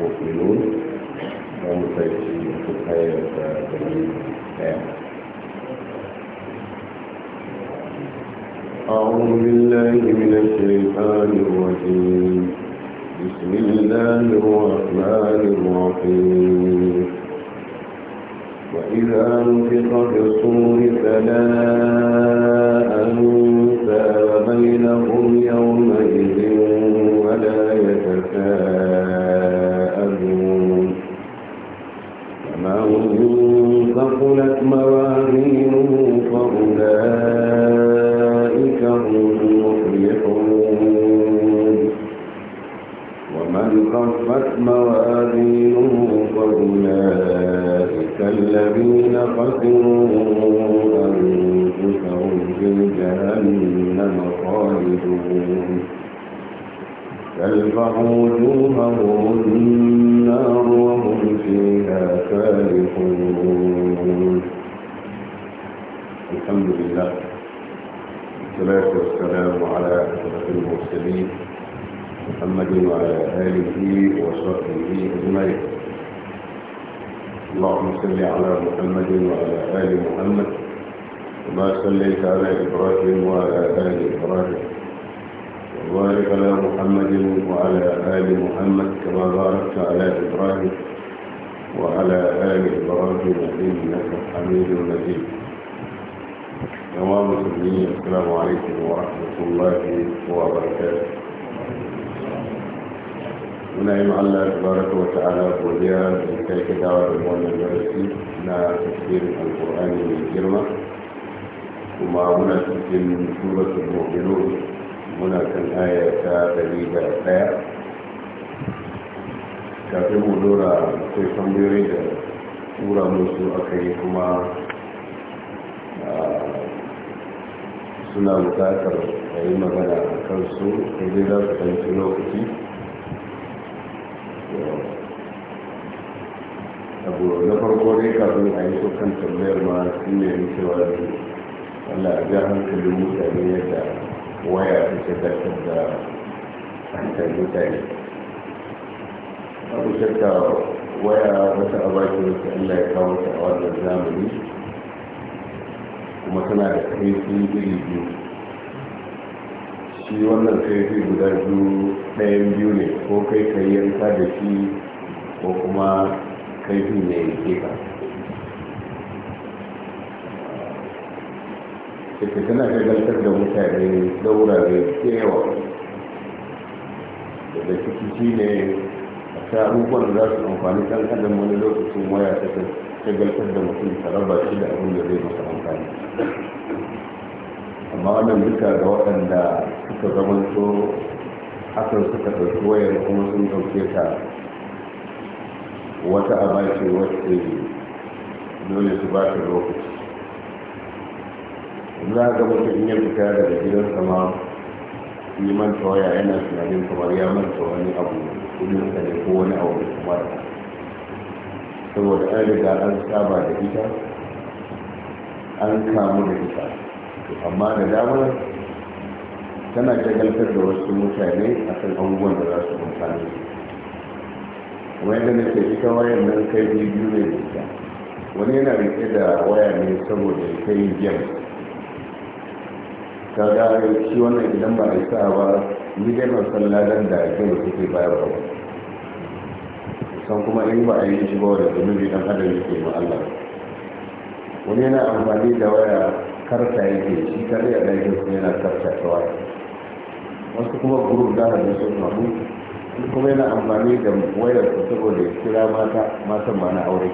المؤمنون ومسيطرين في الآية أعوذ بالله من الشيطان الرجيم بسم الله الرحمن الرحيم وإذا نفق في الصور فلا محمد وعلى آل محمد كما باركت على إبراهيم وعلى آل إبراهيم إنك حميد مجيد تمام المسلمين السلام عليكم ورحمة الله وبركاته ونعم الله تبارك وتعالى وليا لكي كدعوة المؤمن المرسي لا تفسير القرآن من الجرمة وما هنا تفسير من سورة المؤمنون muna kan ta dari da daya kafin mu dora kai tambayoyi da tura musu aka yi kuma suna bukatar a yi magana a kansu inda za su ɗanci lokaci abu na farko dai kafin a yi kan tambayar ma sun nemi cewa Allah a ga hankalin mutane yadda waya ta cikin gashin da hantar mutane abu shakka waya wata abaki wata allah ya kawo ta a wannan zamani kuma tana da kaifi iri biyu shi wannan kaifi guda biyu ɗayan biyu ne ko kai ka shi ko kuma kaifi mai ya take tana gantar da mutane da wurare da yawa da ciki shi ne a sha abubuwan da za su amfani kan adam wani lokacin waya ta gantar da mutum ta raba shi da abin da zai masa amfani amma wannan duka ga waɗanda suka zamanto hakan suka ɗauki wayar kuma sun ɗauke ta wata abace wacce dole su ba ta lokaci za a mutum in ya fita daga gidan sama yi manta waya yana tunanin kamar ya manta wani abu kudin sa ne ko wani abu da kuma da saboda an riga an saba da ita an kamu da ita amma da damar tana jagaltar da wasu mutane a kan abubuwan da za su amfani kuma yadda na ke ita wayan nan kai biyu ne da ita wani yana rike da waya ne saboda ya kai biyan kaga shi wannan idan ba a yi sa'a ba ni dai ban san ladan da ake da kuke bayarwa ba san kuma in ba a yi shi ba wanda zunubi dan adam yake ma Allah wani yana amfani da waya karta yake shi kare da yake su yana karta ta waya wasu kuma gurur da hajji sun mamu kuma yana amfani da wayar su saboda ya kira mata matan ma na aure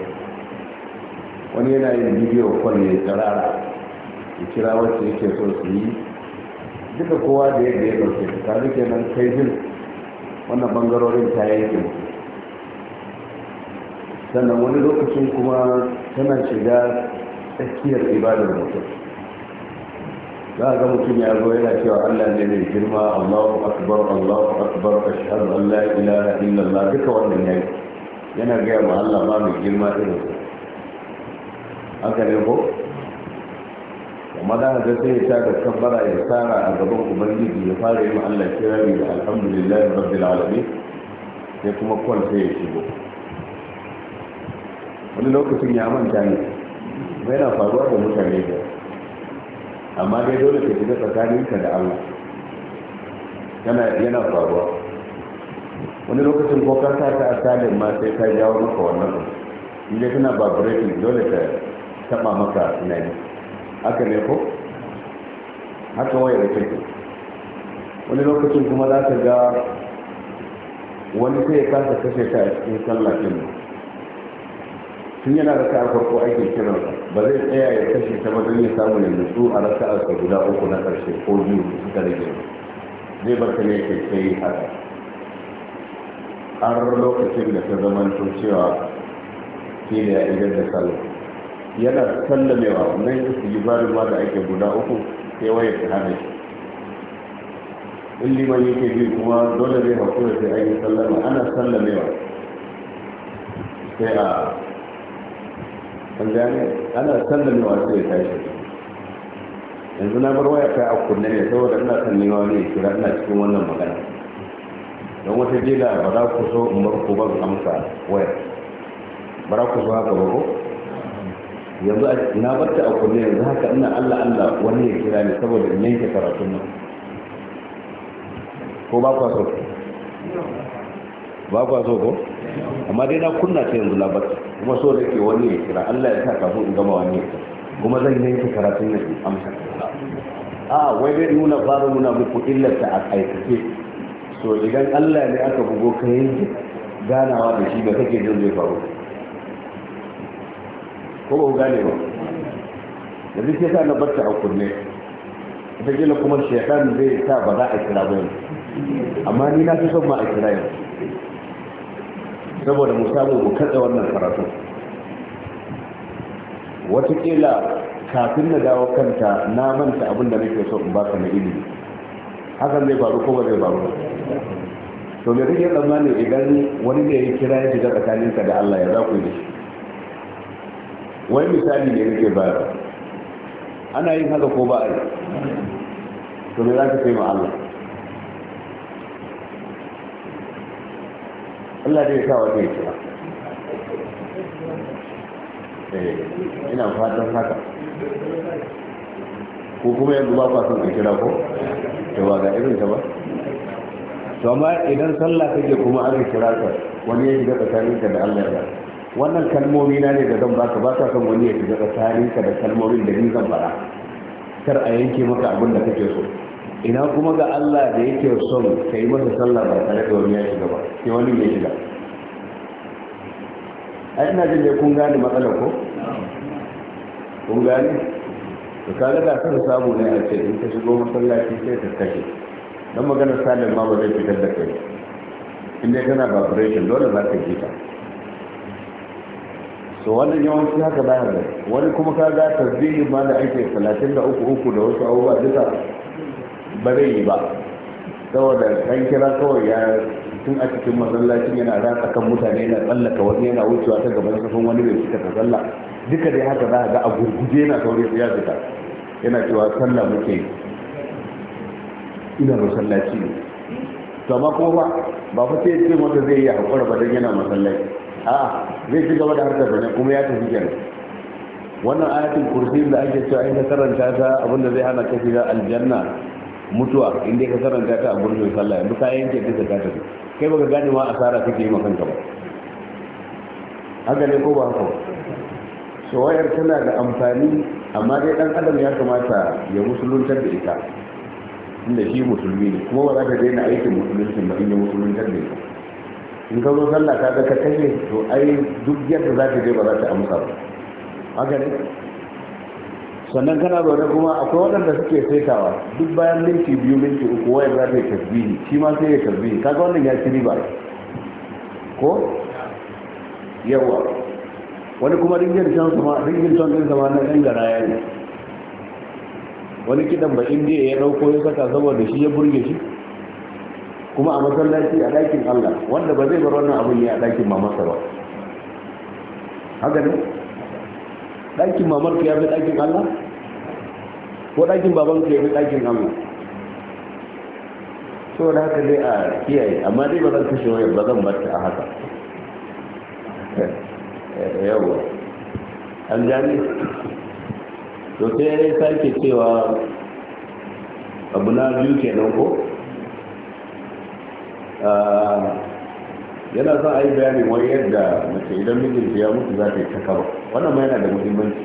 wani yana yin bidiyo kwallo ya rara, ya kira wacce yake so su yi duka kowa da yadda ya ɗauke ta tare kenan kai jin wannan bangarorin ta yanke sannan wani lokacin kuma tana shiga tsakiyar ibadar mutum za a ga mutum ya zo yana cewa allah ne mai girma allahu akbar allahu akbar ashhadu Allah, la Ila, illallah duka wannan yayi yana gaya ma allah ma mai girma irin haka ne ko amma da ka sai ya ta da kabbara ya tsara a gaban ubangiji ya fara yi Allah kirari da alhamdulillah rabbil alamin sai kuma sai ya shigo wani lokacin ya manta ne bai na faruwa da mutane da amma dai dole ka shiga ka da Allah yana faruwa wani lokacin ko ka sa ta asalin ma sai ka jawo maka wannan abu in dai ba vibrating dole ka taba maka tunani haka ne ko haka waya da take wani lokacin kuma za ka ga wani sai ya kasa kashe ta a cikin sallah tun yana da ka farko aikin kira ba zai tsaya ya kashe ta ba don ya samu ya nutsu a rasa ka guda uku na karshe ko biyu da suka rage zai bar ta ne kai haka har lokacin da ta zama cewa shi da ya idan da sallah yana sallamewa yi istighfarin ma da ake guda uku sai waye ta hana shi in liman yake bi kuma dole zai hakura sai an yi sallama ana sallamewa sai a an gane ana sallamewa sai ya tashi yanzu na bar waya kai a kunne ne saboda ina kan nema ne kira ina cikin wannan magana don wata jela ba za ku so in bar ku ban amsa waya ba za ku so haka ba ko yanzu na barta a kulle yanzu haka ina Allah Allah wani ya kira ni saboda in yanke karatun nan ko ba kwa so ba kwa so ko amma dai na kunna ta yanzu na barta kuma so da ke wani ya kira Allah ya sa kafin in gama wani ya kira kuma zan yanke karatun nan amsa a wai dai nuna fara nuna muku illarta a aikace so idan Allah ne aka bugo ka yanke ganawa da shi da kake jin zai faru ko gane ba yanzu ke sa na barta a kunne ta gina kuma shaitan zai sa ba za a kira ba amma ni na fi son ma a kira yanzu saboda mu samu mu katsa wannan karatu watakila kafin na dawo kanta na manta abin da nake so in ka na ilimi hakan zai faru kuma zai faru to me rike tsammani idan wani ne ya kira ya shiga tsakaninka da Allah ya za ku yi wai misali ne yake ba ana yin haka ko ba a yi to me za ka kai ma Allah Allah zai sa wata ya kira eh, ina fatan haka ko kuma yanzu ba kwa son ka kira ko da ba ga irin ta ba to amma idan sallah kake kuma an kira ka wani ya shiga tsakaninka da Allah ya ba wannan kalmomi na ne da zan baka ba ka san wani ya shiga ka da kalmomin da ni zan fara kar a yanke maka abin da kake so ina kuma ga Allah da yake son ka yi masa sallah ba tare da wani ya shiga ba sai wani ya shiga ai ina jin dai kun gane matsalar ko kun gane to kaga da kan samu ne a ce in ka shigo masallaci sai ka kashe dan magana salim ma ba zai fitar da kai inda dai kana vibration dole za ka ji ta to wannan yawanci haka za ka wani kuma ka ga tasbihin ma da ake talatin da uku uku da wasu abubuwa duka ba zai yi ba saboda ɗan kira kawai ya tun a cikin masallacin yana da kan mutane yana tsallaka wani yana wucewa ta gaban kafin wani bai fita ta tsalla duka dai haka za a ga a gurguje yana saurin ya fita yana cewa sallah muke ina masallaci ne to amma kuma ba ba fa sai ya ce wata zai yi hakura ba dan yana masallaci a zai ci gaba da harkar bane kuma ya tafi kenan wannan ayatul kursi da ake cewa in ka karanta ta abinda zai hana ka shiga aljanna mutuwa inda dai ka karanta ta a gurbin sallah yanzu ka yanke duka ka tafi kai baka gane ma asara kake yi ma kanka ba haka ne ko ba haka shawayar tana da amfani amma dai dan adam ya kamata ya musuluntar da ita inda shi musulmi ne kuma ba za ka daina aikin musulunci ba in ya musuluntar da ita in ka zo sallah ka ga ka kalle to ai duk yadda za ta je ba za ta amsa ba haka ne sannan kana zaune kuma akwai waɗanda suke saitawa duk bayan minti biyu minti uku wayar za ta yi tasbihi shi ma sai ya tasbihi kaga wannan ya ci riba ko yawa wani kuma ringin can sama ringin can din sama na ɗan garaya ne wani kiɗan ba indiya ya ɗauko ya saka saboda shi ya burge shi kuma a masallaci a ɗakin Allah wanda ba zai bar wannan abin ne a ɗakin mamarsa ba haka ne ɗakin mamarka ya fi ɗakin Allah ko ɗakin babanka ya fi ɗakin Allah so da haka dai a kiyaye amma dai ba zan kashe wani ba zan bar ta a haka eh, yawa an jani? to sai ya sake cewa abu na biyu kenan ko Ah, yana son a yi bayanin wani yadda mace idan mijinta ya mutu za ta yi ta wannan ma yana da muhimmanci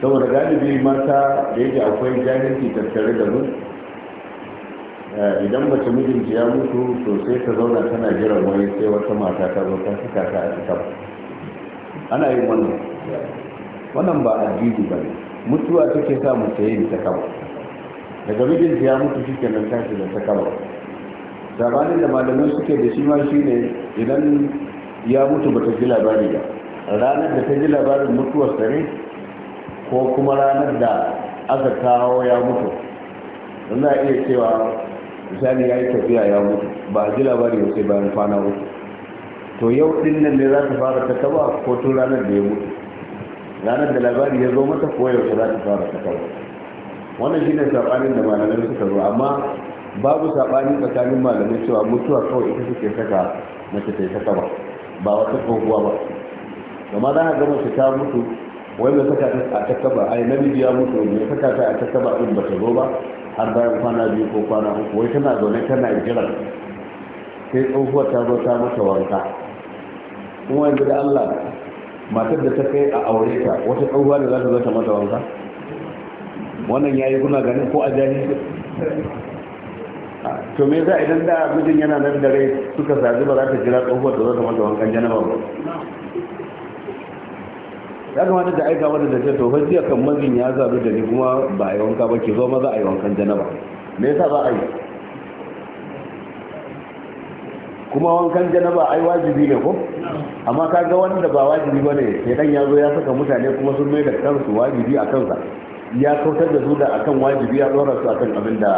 saboda galibi mata da yake akwai jahilci tattare da mu eh, idan mace mijinta ya mutu sosai ta zauna tana jiran wani sai wata mata ta zo ta suka ta a cikin ana yin wannan wannan ba addini ba ne mutuwa take sa mu ta yin ta daga mijinta ya mutu shi kenan tashi da ta sabanin da malamai suke da shi ma shine idan ya mutu ta ji labari ba ranar da ta ji labarin mutuwar sare ko kuma ranar da aka kawo ya mutu za a iya cewa misali ya yi tafiya ya mutu ba ji labari ba sai bayan kwana uku to yau din nan ne za ta fara ta taba ko tun ranar da ya mutu ranar da labari ya zo mata ko yau za ta fara ta taba wannan shine sabanin da malamai suka zo amma babu sabani tsakanin malamai cewa mutuwa kawai ita suke saka mace ta yi saka ba ba wata tsohuwa ba gama za a ga mace ta mutu wanda saka ta a takaba ai namiji ya mutu mai saka ta a takaba din ba ta zo ba har bayan kwana biyu ko kwana uku wai tana zaune tana jira sai tsohuwa ta zo ta mata wanka kuma yanzu da Allah matar da ta kai a aure ta wata tsohuwa ne za ta zo ta mata wanka wannan yayi kuna ganin ko a jahilci to me za idan da mijin yana nan da rai suka sadu ba za ta jira tsohuwar da za ta mata wankan janaba ba ya kamata da aika wanda da ce to hajji kan mazin ya zaru da ni kuma ba a yi wanka ba ke zo za a yi wankan janaba me yasa ba a yi kuma wankan janaba ai wajibi ne ko amma ka ga wanda ba wajibi ne sai dan ya zo ya saka mutane kuma sun mai da kansu wajibi a kansa ya kautar da su da akan wajibi ya dora su akan abin da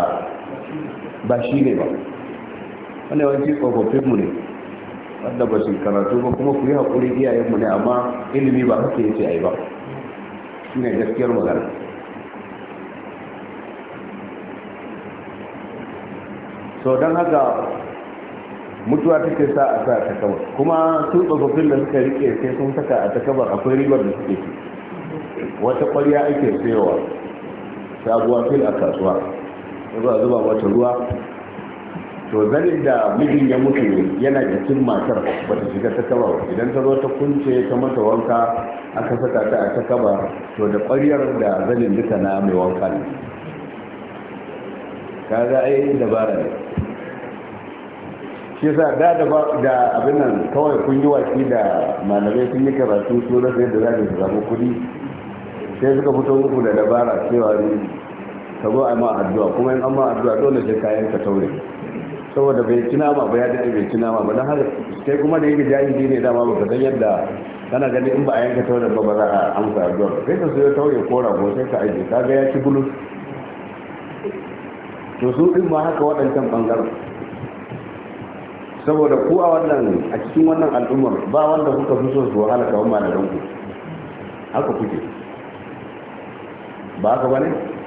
ba shi ne ba wanda yawanci tsofaffinmu ne wanda ba su karatu ba kuma ku yi haƙuri iyayenmu ne amma ilimi ba haka yace a yi ba shi ne gaskiyar magana so don haka mutuwa take sa a sa a takabar kuma su tsofaffin da suka rike sai sun saka a takabar akwai ribar da suke ke wata ƙwarya ake sayowa sabuwa fil a kasuwa a zuba mata ruwa to zanin da mijin ya mutu yana jikin matar bata shiga ta kaba idan ta zo ta kunce ta mata wanka aka saka ta a ta kaba to da ƙwaryar da zanin duka na mai wanka ne ka ga ai dabara ne shi da da abin nan kawai kun yi waki da malamai sun yi karatu su rasa yadda za su samu kuɗi sai suka fito muku da dabara cewa ka zo a ma addu'a kuma in an addu'a dole sai kayan ka taure saboda bai ci nama ba ya daɗe bai ci nama ba don har sai kuma da yake jahili ne dama ba ka san yadda kana ganin in ba a yanka taure ba ba za a amsa addu'a ba kai ka sayo taure ko sai ka aiki ka ga ya ci bulus to su ɗin ma haka waɗancan ɓangaren saboda ku a wannan a cikin wannan al'ummar ba wanda kuka fi so su wahala kawai malaranku haka kuke ba haka ba ne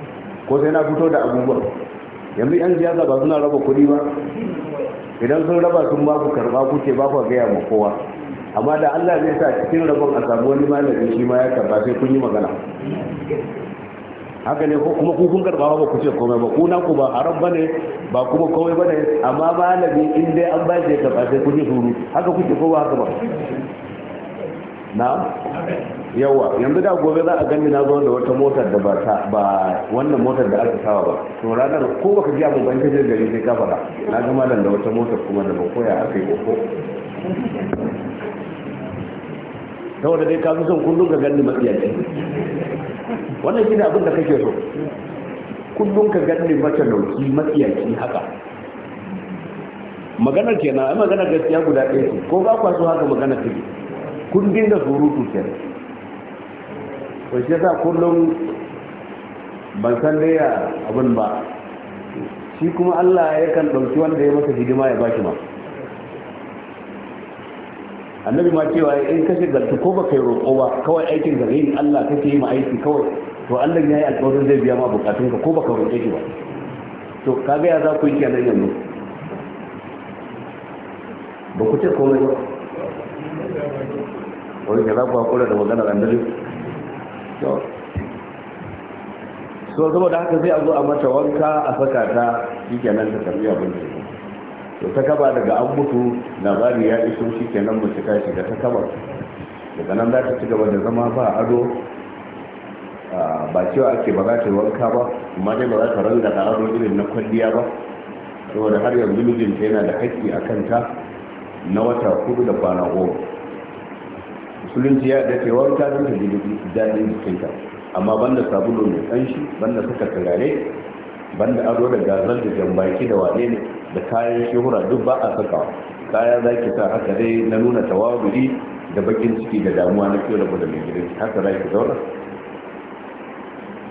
ko sai na fito da abubuwan yanzu yan siyasa ba suna raba kuɗi ba idan sun raba sun ba ku karɓa kuke ba ku gaya ma kowa amma da allah zai sa cikin rabon a samu wani malamin shi ma ya karɓa sai kun yi magana haka ne kuma ku kun karɓa ba ku ce komai ba kuna ku ba haram ba ne ba kuma komai ba ne amma malami in dai an ba shi ya karɓa sai kun yi suru haka kuke ko ba haka ba na yawa yanzu da gobe za a gani na zo da wata motar da ba wannan motar da aka sawa ba to ranar ko baka ji abin ban kaje gari sai ka fara na ga malam da wata motar kuma da ba koya aka yi koko saboda dai ka fi son kullum ka gani matsiyaci wannan ne abin da kake so kullum ka gani matalauci matsiyaci haka maganar kenan ai maganar gaskiya guda ɗaya ce ko ba kwa so haka maganar take kun dinga surutu kenan to shi sa kullum ban san dai abin ba shi kuma Allah ya kan ɗauki wanda ya masa hidima ya bashi ma annabi ma cewa in ka shigaltu ko ba kai roƙo ba kawai aikin ka yin Allah kake yi ma aiki kawai to Allah ya yi alƙawarin zai biya ma bukatun ka ko ba ka roƙe shi ba to ka ga ya za ku yi kenan yanzu ba ku ce komai ba wani ka za ku haƙura da maganar annabi so saboda haka zai azo a mata wanka a saka ta shi kenan ta karbi abin da to ta kaba daga an mutu labari ya iso shi kenan mace shiga ta kaba daga nan za ta ci gaba da zama ba ado ba cewa ake ba za ta yi wanka ba amma dai ba za ta ranga da ado irin na kwalliya ba saboda har yanzu mijinta yana da haƙƙi a kanta na wata hudu da kwana goma musulunci ya da cewa ta da ta jirgi daɗin jikinta amma banda sabulu mai ƙanshi banda suka turare banda ado da gazar da jambaki da wane ne da kayan shehura duk ba a sakawa kaya za ki sa haka dai na nuna tawaburi da bakin ciki da damuwa na kyau da da mai gidan haka za ki zauna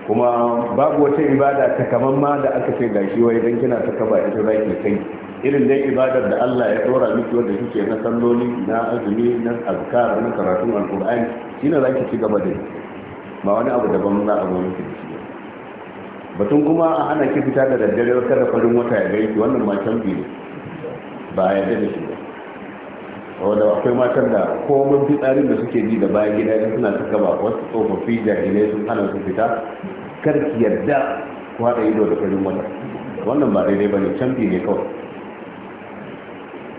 kuma babu wata ibada ta kaman ma da aka ce gashi wai dan kina saka ba ita za ki kai irin dai ibadar da Allah ya dora miki wanda kike na salloli na azumi na azkar na karatun alqur'ani shine zaki ci gaba da ba wani abu daban za a zo miki da shi batun kuma a hana ki fita da daddare wata da farin wata ya gaiki wannan ma canfi ne ba ya da shi ba wanda akwai matan da komai fitsarin da suke ji da bayan gida idan suna ta gaba wasu tsofaffi jahilai sun hana su fita kar ki yarda ko haɗa ido da farin wata wannan ba daidai ba ne canfi ne kawai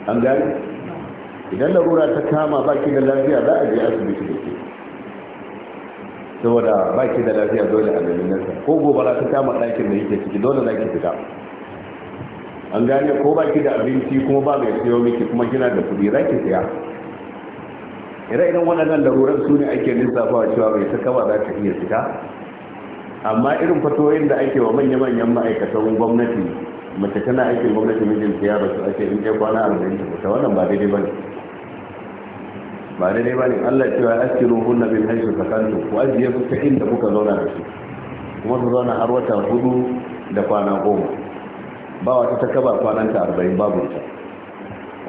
an gani idan larura ta kama baki da lafiya za a je asibiti da ke saboda baki da lafiya dole a ganinarsa ko gobara ta kama ɗakin da yake ciki dole za ki fita an gane ko baki da abinci kuma ba mai siyo miki kuma kina da kuɗi za ki siya ire irin waɗannan laruran su ne ake lissafawa cewa mai ta kama za ta iya fita amma irin fatoyin da ake wa manya-manyan ma'aikatan gwamnati mace tana aikin gwamnati mijinta ya rasu ake in kai kwana arba'in ta kusa wannan ba daidai ba ne ba daidai ba ne allah cewa askiru na bin haisu kanto ku ajiye su ta inda kuka zauna da su kuma su zauna har wata hudu da kwana goma ba wata ta kaba ta arba'in babu ta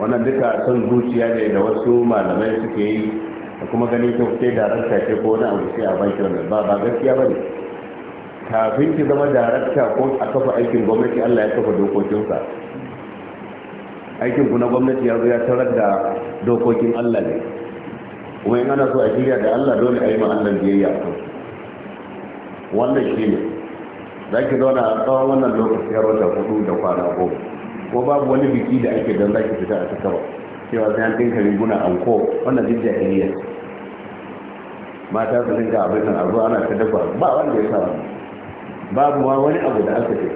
wannan duka son zuciya ne da wasu malamai suke yi da kuma ganin kyau sai da rasta ce ko wani abu sai a bankin wannan ba ba gaskiya ba ne kafin ki zama darakta ko a kafa aikin gwamnati Allah ya kafa dokokinsa aikin ku na gwamnati ya zo ya tarar da dokokin Allah ne kuma in ana so a shirya da Allah dole a yi ma Allah biyayya to wannan shi ne za ki zauna a tsawon wannan lokaci yaro da hudu da kwana goma ko babu wani biki da ake don za ki fita a cikin cewa sai an dinka riguna anko wannan duk jahiliya mata su dinka abin nan a ana ta dafa ba wanda ya sa babu ma wani abu da aka ce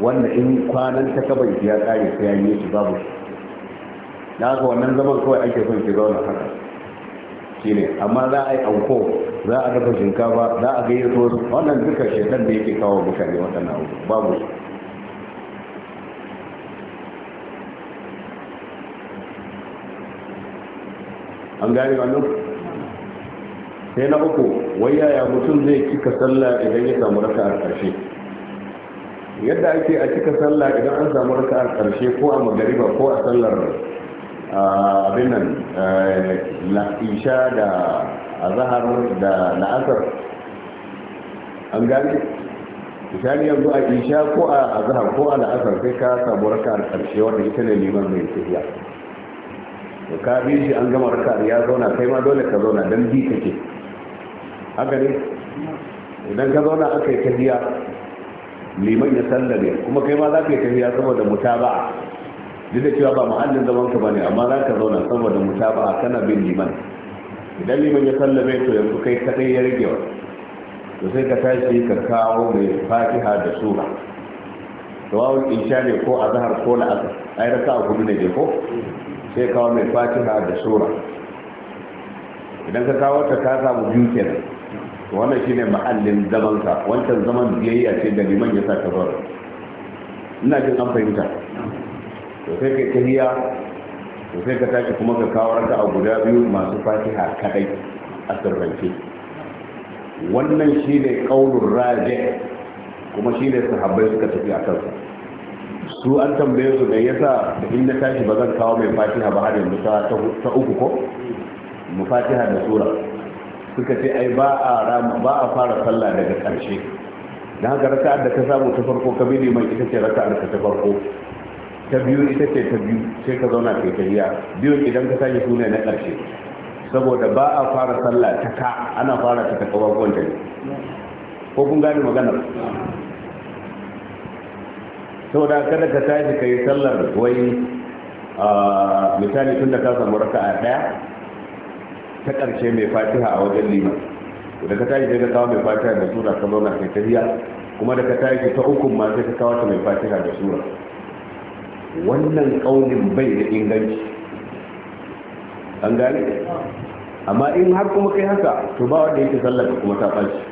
wanda in kwanan ta kaba ya kare sai ya yi shi babu shi. da haka wannan zaman kawai ake son ki zauna haka shine amma za a yi auko, za a dafa shinkafa za a gayyato wasu wannan duka shekan da yake kawo mutane waɗannan abu babu shi. an gane wannan sai na uku wai yaya mutum zai cika sallah idan ya samu raka a ƙarshe yadda ake a cika sallah idan an samu raka a ƙarshe ko a magariba ko a sallar abin nan isha da azahar da la'asar an gane misali yanzu a isha ko a azahar ko a la'asar sai ka samu raka a ƙarshe wanda ita ne liman mai tafiya to ka bi shi an gama raka ya zauna kai ma dole ka zauna don bi kake haka ne idan ka zauna aka yi tafiya liman ya sallame kuma kai ma za ka yi tafiya saboda mutaba'a duk da cewa ba muhallin zaman ka bane amma za ka zauna saboda mutaba'a kana bin liman idan liman ya sallame to yanzu kai kadai ya rage to sai ka tashi ka kawo mai fatiha da sura tawawun insha ne ko a zahar ko la'asar ai raka a gudu ne ko sai kawo mai fatiha da sura idan ka kawo ta ka samu biyu kenan wannan shine ma'allin zaman wancan zaman biyayya ce da liman ya sa ta bar ina jin an fahimta to sai kai tahiya to sai ka tashi kuma ka kawo raka a guda biyu masu fatiha kadai a sirrance wannan shine kaulun raje kuma shine sahabbai suka tafi a kansa su an tambaye su da yasa da in na tashi ba zan kawo mai fatiha ba har yanzu ta uku ko mu fatiha da sura suka ce ai ba a rama ba a fara sallah daga ƙarshe dan haka raka da ka samu ta farko ka bi mai ita ce raka da ta farko ta biyu ita ce ta biyu sai ka zauna kai tahiya biyu idan ka sake sune na ƙarshe saboda ba a fara sallah ta ka ana fara ta taka wagon ta ko kun gane maganar saboda kada ka tashi kai sallar wai misali tun da ka samu raka'a daya ta ƙarshe mai fatiha a wajen liman da ka tashi daga kawo mai fatiha da sura ka zauna kai tahiya kuma da ka tashi ta ukun ma sai ka kawo ta mai fatiha da sura wannan ƙaunin bai da inganci an gane amma in har kuma kai haka to ba wanda yake sallar kuma ta ɓaci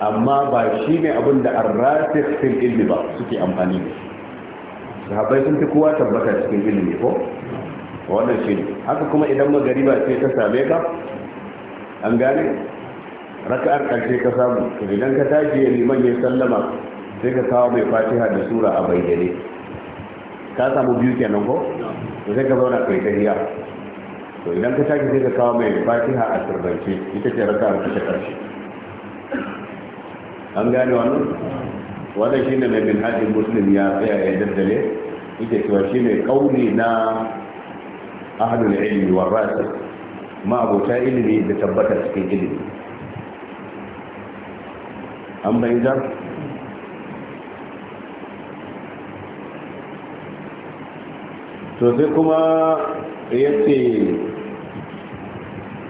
amma ba shi ne abin da arrasik fil ilmi ba suke amfani da shi sahabbai sun fi kowa tabbata cikin ilimi ko wannan shi ne haka kuma idan magariba ce ta same ka an gane raka'ar karshe ka samu idan ka tashi ya liman ya sallama sai ka kawo mai fatiha da sura a bayyane ka samu biyu kenan ko to sai ka zauna kai tahiya to idan ka tashi sai ka kawo mai fatiha a sirrance ita ce raka'ar ta karshe an gane wannan wannan shine mai hadin muslim ya tsaya ya daddale ce cewa shine kauli na ahlul ilmi wa rasul ma abota ilimi da tabbata cikin ilimi an bayyana to sai kuma ya ce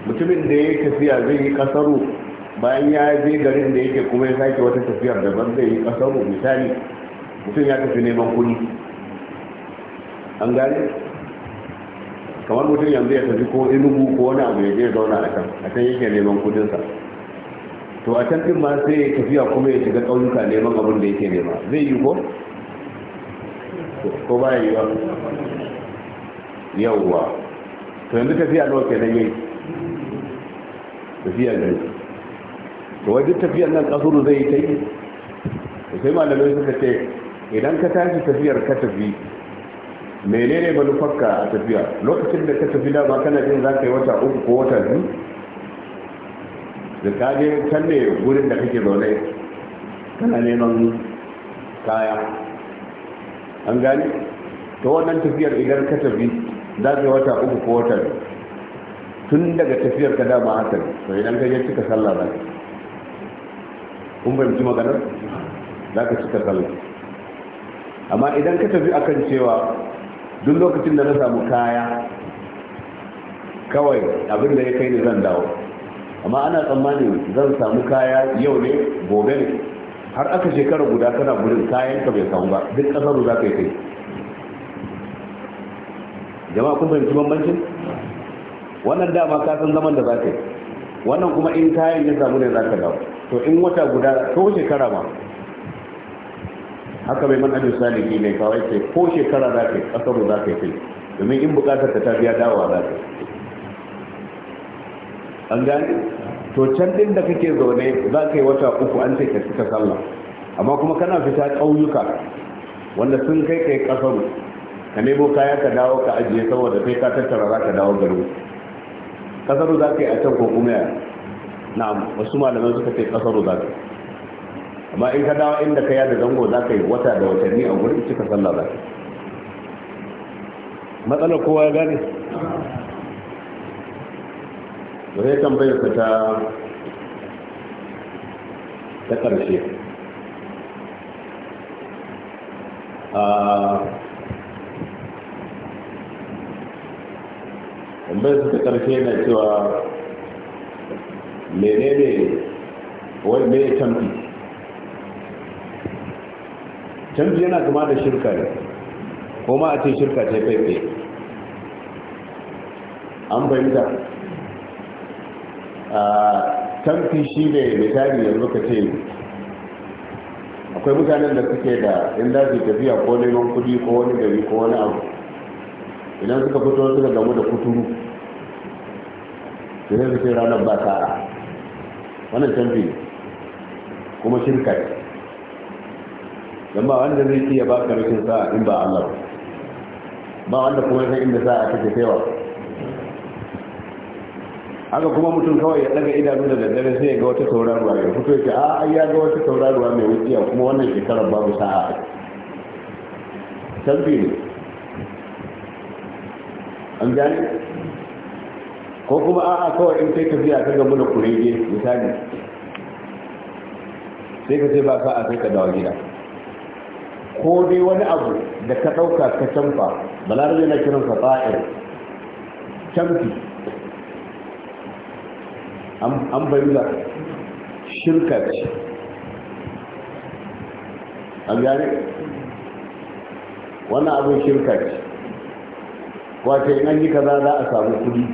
mutumin da ya tafiya zai yi kasaru bayan ya je garin da yake kuma ya sake wata tafiyar daban zai yi kasaru misali mutum ya tafi neman kuɗi an gane kamar mutum yanzu ya tafi ko inubu ko wani abu ya je zauna a kan a can yake neman kudinsa to a can ɗin ma sai ya tafiya kuma ya shiga ƙauyuka neman abin da yake nema zai yi ko ko ba ya yi ba yawwa to yanzu tafiya nawa nan yi tafiya ne to wajen tafiyar nan kasuru zai yi ta yi sai malamai suka ce idan ka tashi tafiyar ka tafi menene manufarka a tafiya lokacin da ka tafi dama kana jin za ka yi wata uku ko wata biyu da kaje can ne gurin da kake zaune kana neman kaya an gani ta wannan tafiyar idan ka tafi za ka yi wata uku ko wata biyu tun daga tafiyar ka dama haka to idan ka je cika sallah ba ka kun fahimci maganar za ka cika sallah amma idan ka tafi akan cewa duk lokacin da na samu kaya kawai abin da ya kai ni zan dawo amma ana tsammani zan samu kaya yau ne gobe ne har aka shekara guda kana gudun kayan ka bai samu ba duk kasar za ka yi kai jama'a kun fahimci bambancin wannan dama ka san zaman da za ka yi wannan kuma in kayan ya samu ne za ka dawo to in wata guda ko shekara ma haka bai man ajin saliki ne kawai ce ko shekara za ka yi ƙasaro za ka yi domin in buƙatar ka ta biya dawa za ka yi an gane to can din da kake zaune za ka yi wata uku an ce ka cika sallah amma kuma kana fita ƙauyuka wanda sun kai kai ƙasaro ka nemo kaya ka dawo ka ajiye saboda kai ka tattara za ka dawo gari ƙasaro za ka yi a can ko kuma ya na'am wasu malaman suka ce ƙasaro za ka yi amma in ka dawo inda ka yada zango za ka yi wata da watanni a gurin cika sallah za matsalar kowa ya gane da sai tambayar ka ta ta ƙarshe a tambayar su ta karshe na cewa menene wanda ya tamfi canji yana kama da shirka ne ko ma a ce shirka ce faifai an fahimta a tamfi shi ne misali yanzu ka ce akwai mutanen da suke da in za tafiya ko neman kudi ko wani gari ko wani abu idan suka fito suka gamu da kuturu sai su ce ranar ba sa'a wannan tamfi kuma shirka ne don wanda zai iya baka rashin sa'a in ba Allah ba ba wanda kuma san inda sa'a take kaiwa haka kuma mutum kawai ya daga idanu da daddare sai ya ga wata tauraruwa ya fito ya ce a ah, ai ya ga wata tauraruwa mai wuciya kuma wannan shekarar babu sa'a tabbi ne an gani ko kuma a'a kawai in kai tafiya ka ga da kurege misali sai ka ce ba sa'a sai ka dawo gida ko dai wani abu da ka ɗauka ka canfa balarabe na kiran ka fa'ir canfi an bayyana shirka ce an gane wannan abin shirka ce wace in an yi kaza za a samu kudi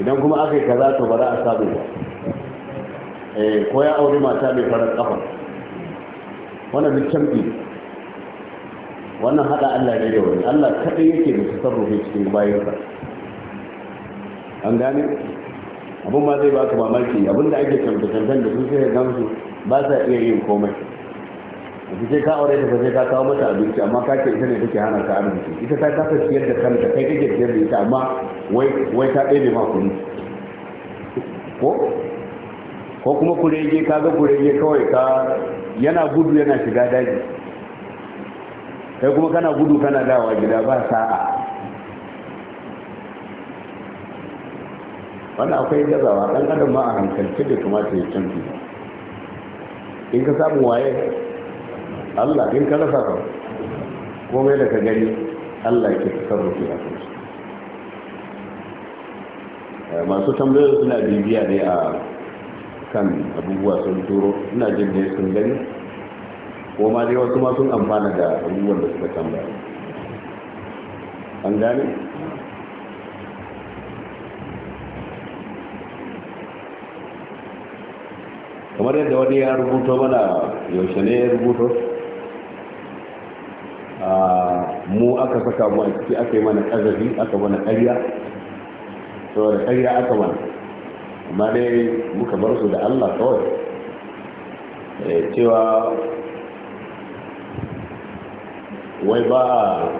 idan kuma aka yi kaza to ba za a samu ba eh, ko ya auri mata mai farar kafa wannan duk canfi wannan haɗa Allah ne da wani Allah kada yake da tasarrufi cikin bayansa an gane abun ma zai baka mamaki Abun da ake canfe tantan da su sai su ba sa iya yin komai yanzu sai ka aure ta sai ka kawo mata abinci amma ka ce ita ne take hana ka abinci ita ta kasa siyar da kanta kai kake siyar da ita amma wai wai ta ɗebe ma kuɗi ko ko kuma kurege ka ga kurege kawai ka yana gudu yana shiga daji kai kuma kana gudu kana dawa gida ba sa'a wannan akwai gazawa ɗan adam ma a hankalci da kamata yi canfi in ka samu waye allah in ka rasa ka komai da ka gani allah ke sarrafa ya kansu eh, masu tambayar suna bibiya ne a kan abubuwa sun turo ina jin ne sun gani ko ma dai wasu ma sun amfana da abubuwan da suka tambaya an gane kamar yadda wani ya rubuto mana yaushe ne ya rubuto mu aka saka mu a ciki aka yi mana ƙazafi aka mana ƙarya saboda ƙarya aka mana amma dai muka bar su da allah kawai eh, cewa wai ba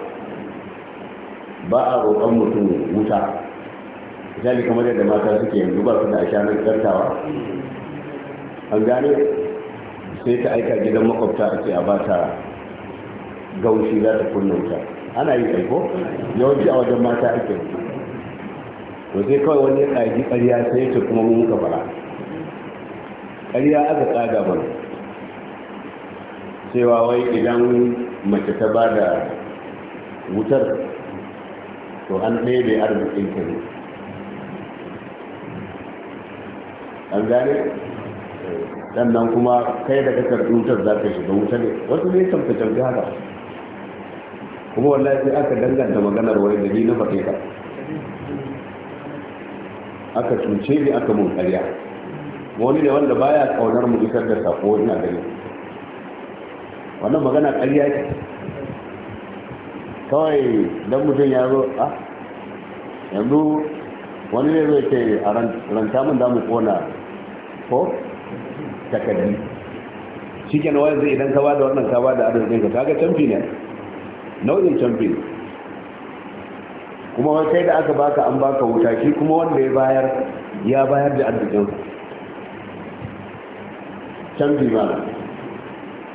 ba a roƙon mutum wuta misali kamar yadda mata suke yanzu ba su da ashanar kartawa an gane sai ta aika gidan makwabta a ce a ba ta gaushi za ta kunna wuta ana yi aiko yawanci a wajen mata ake wuta to sai kawai wani ya ƙagi ƙarya sai ya ce kuma mun ka fara ƙarya aka tsaga mana cewa wai idan mace ta ba da wutar to an ɗebe arzikin ta ne an gane sannan kuma kai da kakar wutar za ka shiga wuta ne wasu ne kamta canfi haka kuma wallahi sai aka danganta maganar wani dalilin fahimta na aka cuce ni aka mun karya wani ne wanda baya kaunar mu isar da sako ina gani wannan magana karya ce kawai dan mutum ya zo a ah, yanzu wani ne zai ce a ranta mun da mu kona ko Takaddi. shi ke na wani zai idan ka ba da wannan ka ba da adadin ka ga camfi ne nau'in camfi ne kuma wai kai da aka baka an baka wuta shi kuma wanda ya bayar ya bayar da arzikin canji ba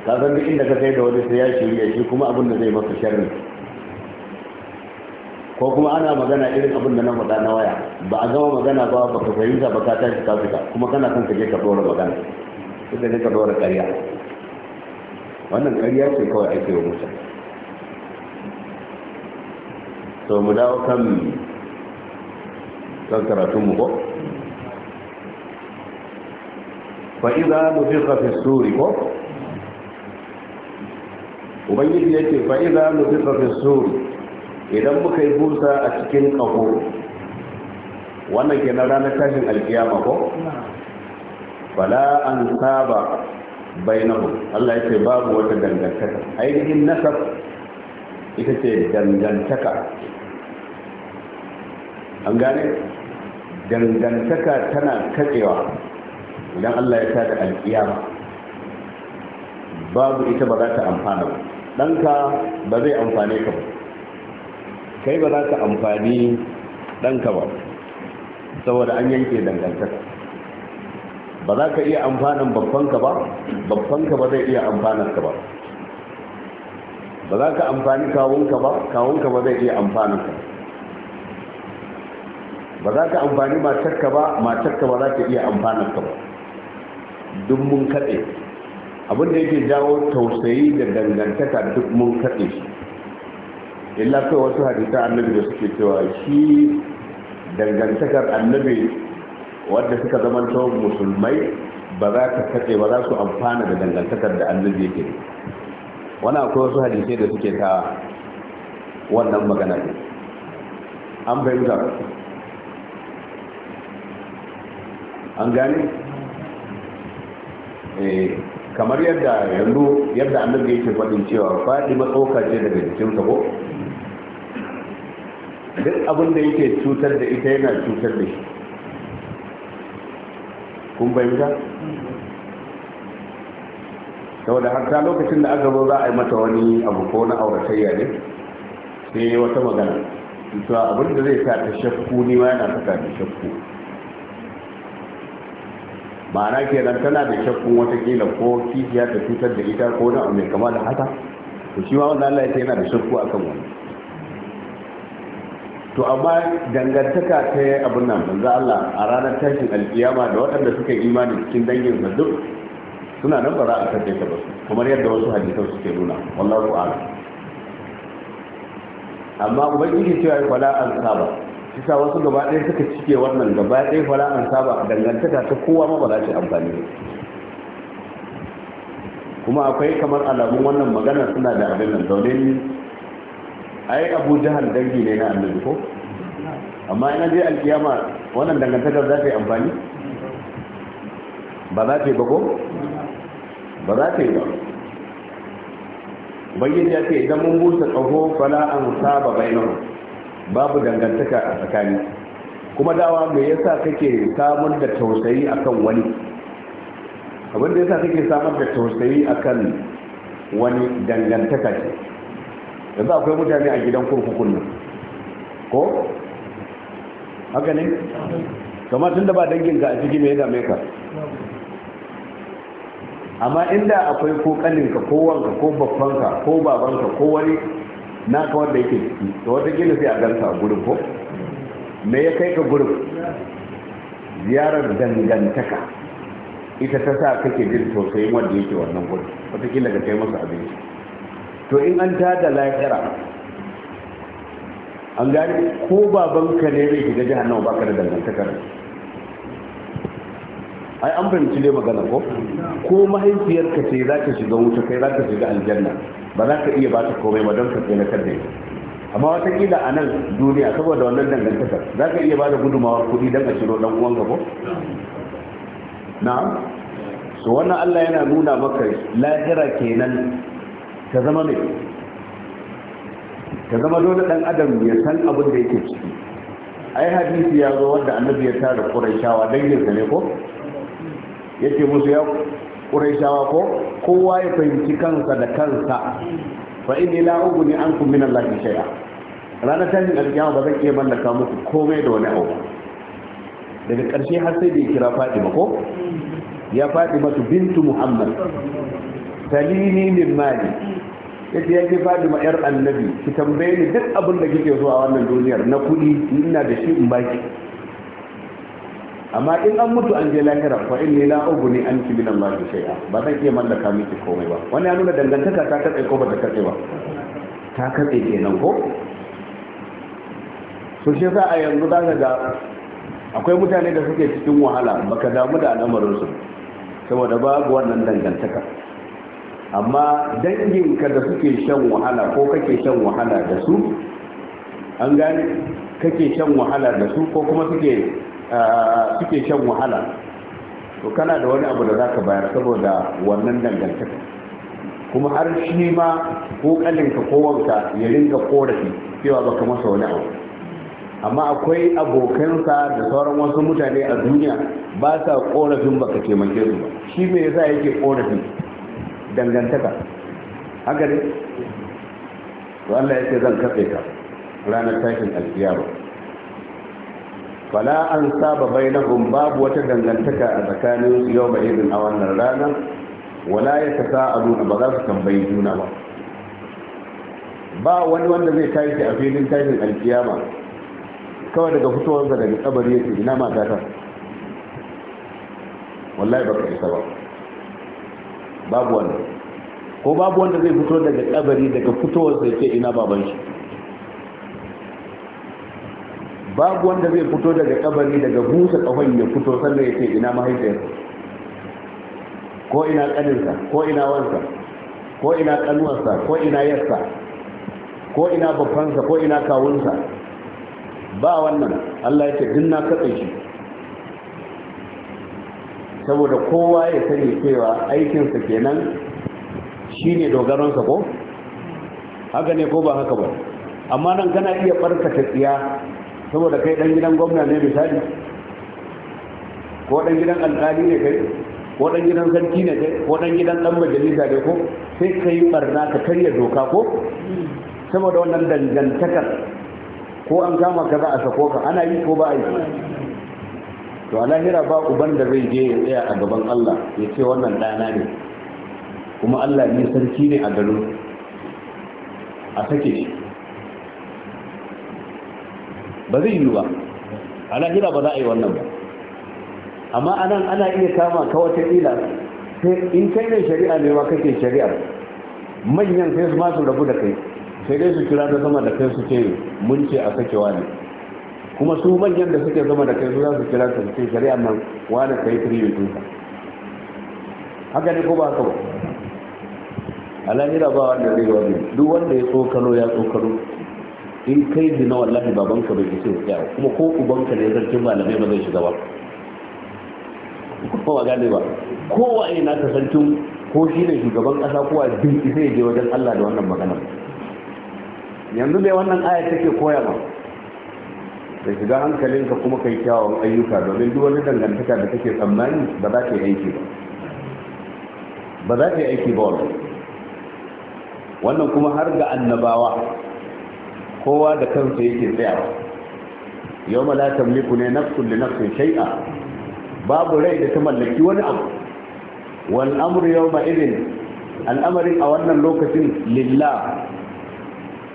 ka san duk inda ka kai da wani sai ya shirya shi kuma abin da zai maka sharri ko kuma ana magana irin abin da na faɗa na waya ba a gama magana ba ba ka fahimta ba ka tashi ka fita kuma kana son ka je ka ɗora magana sai ka je ka ɗora ƙarya wannan ƙarya ce kawai ake wa mutane to mu dawo kan kan karatun mu ko fa iza nufiqa fi suri ko ubangiji yake fa iza nufiqa fi suri idan muka yi busa a cikin kaho wannan na ranar tashin alkiyama ko fala an saba bainahu Allah yake babu wata dangantaka ainihin nasab ita ce dangantaka an gane dangantaka tana katsewa idan allah ya tada alkiyama babu ita ba za ta amfana ba ɗanka ba zai amfane ka ba kai ba za ka amfani ɗanka ba saboda an yanke dangantaka ba za ka iya amfanin babbanka ba babbanka ba zai iya amfanar ka ba ba za ka amfani kawunka ba kawunka ba zai iya amfanin ka ba ba za ka amfani matarka ba matarka ba za ta iya amfanar ka ba duk mun kaɗe abin da yake jawo tausayi da dangantaka duk mun kaɗe shi illa kai wasu hadisa annabi da suke cewa shi dangantakar annabi wadda suka zamanta musulmai ba za ka kaɗe ba za su amfana da dangantakar da annabi yake wani akwai wasu hadisai da suke ta wannan magana an fahimta an gane eh, kamar yadda yanzu yadda annabi yake faɗin cewa faɗi matsoka ce daga jikin ko duk abin da yake cutar da ita yana cutar da shi kun bayyana saboda har ta lokacin da aka zo za a yi mata wani abu ko na auratayya ne sai wata magana cewa abin da zai sa ta shakku ni ma yana saka ta shakku ma'ana kenan tana da shakkun watakila ko kifiya ta cutar da ita ko na mai kama da haka to shi ma wannan Allah ya yana da shakku akan wani to amma dangantaka ta abin nan manzo Allah a ranar tashin alkiyama da waɗanda suka imani cikin dangin sa duk suna nan ba a kace ta ba kamar yadda wasu hadisan suke nuna wallahu a'lam amma ubangiji cewa wala an saba kisa wasu gaba ɗaya suka cike wannan gaba ɗaya fara an saba a dangantaka ta kowa ma ba za ta amfani kuma akwai kamar alamun wannan magana suna da abin nan domin ai abu jahal dangi ne na annabi ko amma ina je alkiyama wannan dangantakar za ta yi amfani ba za ta yi ba ko ba za ta yi ba bayyana ya ce idan mun busa tsaho fala an saba bainahu babu dangantaka a tsakani kuma dawa me yasa kake samar da tausayi akan wani abinda yasa kake samar da tausayi akan wani dangantaka ce yanzu akwai mutane a gidan kurkukun nan ko haka ne kamar tun da ba danginka a ciki mai mai ka amma inda akwai ko kaninka ko wanka ko babbanka ko babanka ko wani na ka wanda yake ciki to watakila sai a gansa a gurin ko me ya kai ka gurin ziyarar dangantaka ita ta sa kake jin sosai wanda yake wannan gurin watakila ka kai masa abinci to in an tada lahira an gani. ko babanka ne zai shiga jihar nawa baka da dangantakar ai an fahimci dai magana ko ko mahaifiyarka ce za ka shiga wuta kai za ka shiga aljanna ba za ka iya ba ta komai ba don ka kai na kadai amma watakila a nan duniya saboda wannan dangantaka za ka iya ba da gudumawa kuɗi don a shiro ɗan uwanka ko na so wannan allah yana nuna maka lahira kenan ta zama mai ta zama dole dan adam ya san abin da yake ciki ai hadisi ya zo wanda annabi ya tara qurayshawa dangin sa ne ko yake musu ya ƙuraishawa ko kowa ya fahimci kansa da kansa fa inni la ughni ankum min lafi shay'a ranar alkiyama ba zan iya mallaka muku komai da wani abu daga ƙarshe har sai da ya kira Fatima ko ya Fatima bintu Muhammad salini min mali yace yake Fatima yar annabi ki tambaye ni duk abin da kike so a wannan duniyar na kudi ina da shi in baki amma in an mutu an je lahira fa inni la an anki min Allah shay'a ba zan iya mallaka miki komai ba wani ya nuna dangantaka ta katse ko ba ta katse ba ta katse kenan ko so shi yasa a yanzu za ga akwai mutane da suke cikin wahala baka damu da al'amarin su saboda babu wannan dangantaka amma danginka da suke shan wahala ko kake shan wahala da su an gane kake shan wahala da su ko kuma suke suke shan wahala to kana da wani abu da za ka bayar saboda wannan dangantaka kuma har shi ma ko kalinka ko wanka ya ringa korafi cewa baka masa wani abu amma akwai abokansa da sauran wasu mutane a duniya ba sa korafin baka taimake su ba shi me yasa yake korafi dangantaka haka ne to Allah ya ce zan kafe ka ranar tashin alkiyama fala an saba bainahum babu wata dangantaka a tsakanin yau ba irin a wannan rana wala ya ta sa'adu ba za su tambayi juna ba ba wani wanda zai tashi a filin tashin alkiyama kawai daga fitowarsa daga kabari ya ce ina matata wallahi ba ka isa ba babu wanda ko babu wanda zai fito daga kabari daga fitowar ya ce ina baban shi babu wanda zai fito daga kabari daga busa kafan ya fito sannan ya ce ina mahaifiyar ko ina kaninsa ko ina wansa ko ina kanuwarsa ko ina yarsa ko ina babbansa ko ina kawunsa ba wannan Allah ya ce din na katse shi saboda kowa ya sani cewa aikinsa kenan shine dogaronsa ko haka ne ko ba haka ba amma nan kana iya ta tsiya saboda kai dan gidan gwamna ne misali ko dan gidan alƙali ne kai ko dan gidan sarki ne kai ko dan gidan dan majalisa ne ko sai kai barna ka karya doka ko saboda wannan dangantakar ko an kama ka za a sako ka ana yi ko ba a yi to a lahira ba uban da zai je ya tsaya a gaban Allah ya ce wannan ɗana ne kuma Allah ne sarki ne a garin a sake shi ba zai yi ba a lahira ba za a yi wannan ba amma anan ana iya kama ka wata sai in kai ne shari'a ne ma kake shari'a manyan sai su masu rabu da kai sai dai su kira da sama da kai su ce mun ce a sakewa ne kuma su manyan da suke zama da kai su za su kira su ce shari'a nan wani kai kiri yi tuka haka ne ko ba ka ba a lahira ba wanda zai wani duk wanda ya tsokalo ya tsokalo in kai zina wallahi babanka bai isa ya kuma ko ubanka ne sarkin malamai ba zai shiga ba ba gane ba kowa ne na kasancin ko shi ne shugaban ƙasa kowa bin isa ya je wajen Allah da wannan maganar yanzu mai wannan aya take koya ma da shiga hankalinka kuma kai kyawawan ayyuka domin duk wani dangantaka da take tsammani ba za ta yi aiki ba ba za ta yi aiki ba wannan kuma har ga annabawa kowa da kansa yake tsayawa yau ma la tamliku ne nafsun li nafsin shay'a babu rai da ta mallaki wani abu wal amru yawma idin al'amarin a wannan lokacin lillah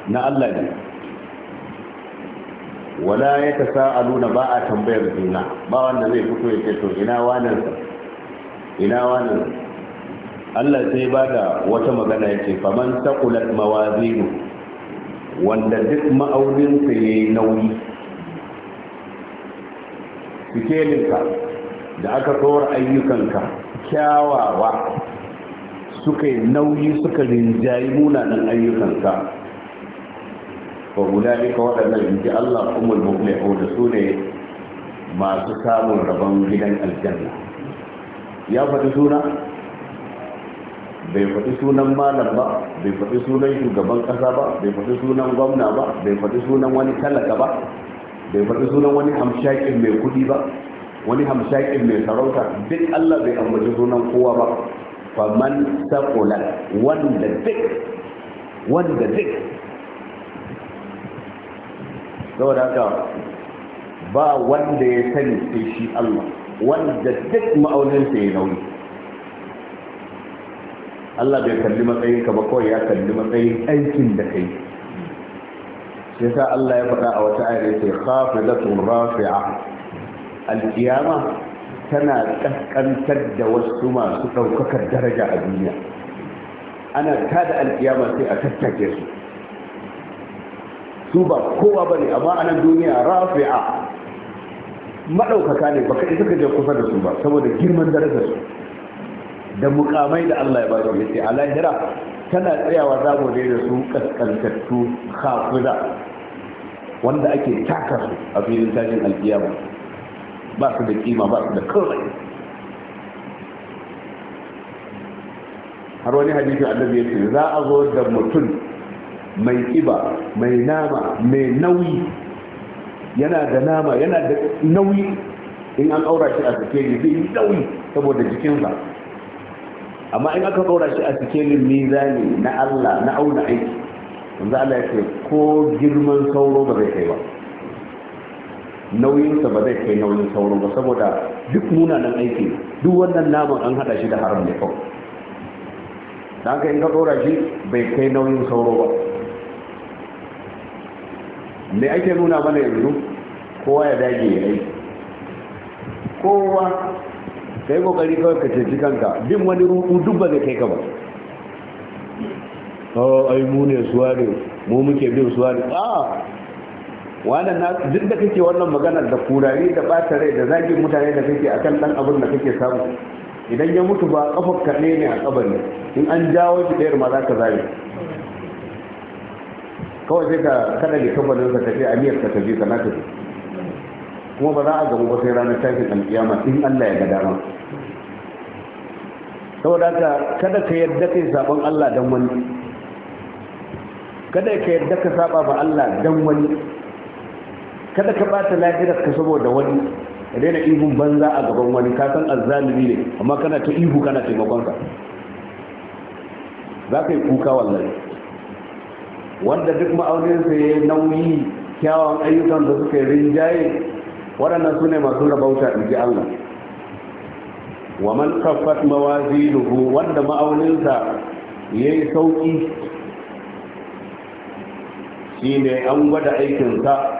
na Allah ne wala ya ta sa'aluna ba a tambayar juna ba wanda zai fito ya ce to ina wanan ina wanan Allah sai ba da wata magana ya ce faman taqulat mawazinu wanda duk ma'auninsa ya yi nauyi fikelinka da aka kawar ayyukanka kyawawa suka yi nauyi suka rinjayi munanan ayyukanka ba guda ika waɗannan inji allah umar mublehu da su ne masu samun rabon gidan aljanna ya faɗi suna bai faɗi sunan malam ba bai faɗi sunan shugaban ƙasa ba bai faɗi sunan gwamna ba bai faɗi sunan wani talaka ba bai faɗi sunan wani hamshakin mai kuɗi ba wani hamshakin mai sarauta duk allah bai ambaci sunan kowa ba faman saƙulan wanda duk wanda duk saboda haka ba wanda ya sani sai shi allah wanda duk ma'auninsa ya nauyi Allah bai kalli matsayin ka ba kawai ya kalli matsayin aikin da kai sai sa Allah ya faɗa a wata ayar sai khafidatun rafi'a alkiyama tana kaskantar da wasu masu ɗaukakar daraja a duniya ana tada alkiyama sai a tattake su su ba kowa ba ne amma anan duniya rafi'a maɗaukaka ne baka kaɗai suka je kusa da su ba saboda girman darajar su da mukamai da Allah ya bada yace a lahira tana tsayawa za mu da su kaskantattu hafiza wanda ake taka su a filin tashin alkiyama ba su da kima ba su da kawai har wani hadisi annabi ya ce za a zo da mutum mai kiba mai nama mai nauyi yana da nama yana da nauyi in an aura shi a sake yi zai nauyi saboda jikinsa amma in aka ɗora shi a cikin mizani na Allah na auna aiki wanda Allah ya ko girman sauro ba zai kai ba nauyinsa ba zai kai nauyin sauro ba saboda duk munanan aiki duk wannan naman an haɗa shi da haram ne kawai da haka in ka shi bai kai nauyin sauro ba me ake nuna mana yanzu kowa ya dage ya aiki kowa ka yi kokari kawai ka ceci kanka bin wani ruɗu duk da kai kama. ba oh, ai mu ne suwa ne mu muke bin suwa ne a ah! wannan na duk da kake wannan maganar da kurari da ɓata rai da zagin mutane da kake akan ɗan abin da kake samu idan ya mutu ba kafar kaɗe ne a kabari in an jawo shi ɗayar ma za ka zabe kawai sai ka kada da kafarin sa tafi a miyar ka tafi ka na tafi kuma ba za a gamu wasu ranar tashin alkiyama in Allah ya ga dama saboda ka kada ka yadda kai sabon Allah dan wani kada ka yadda ka saba ba Allah dan wani kada ka bata lafiyar ka saboda wani ka daina ihun banza a gaban wani ka san azzalimi ne amma kana ta ihu kana taimakon ka za ka yi kuka wallahi wanda duk ma'auninsa ya yi nauyi kyawun ayyukan da suka yi rinjaye waɗannan su ne masu rabauta in ji allah wa man kaffat mawazinuhu wanda ma'auninsa ya yi sauƙi shi ne an gwada aikinsa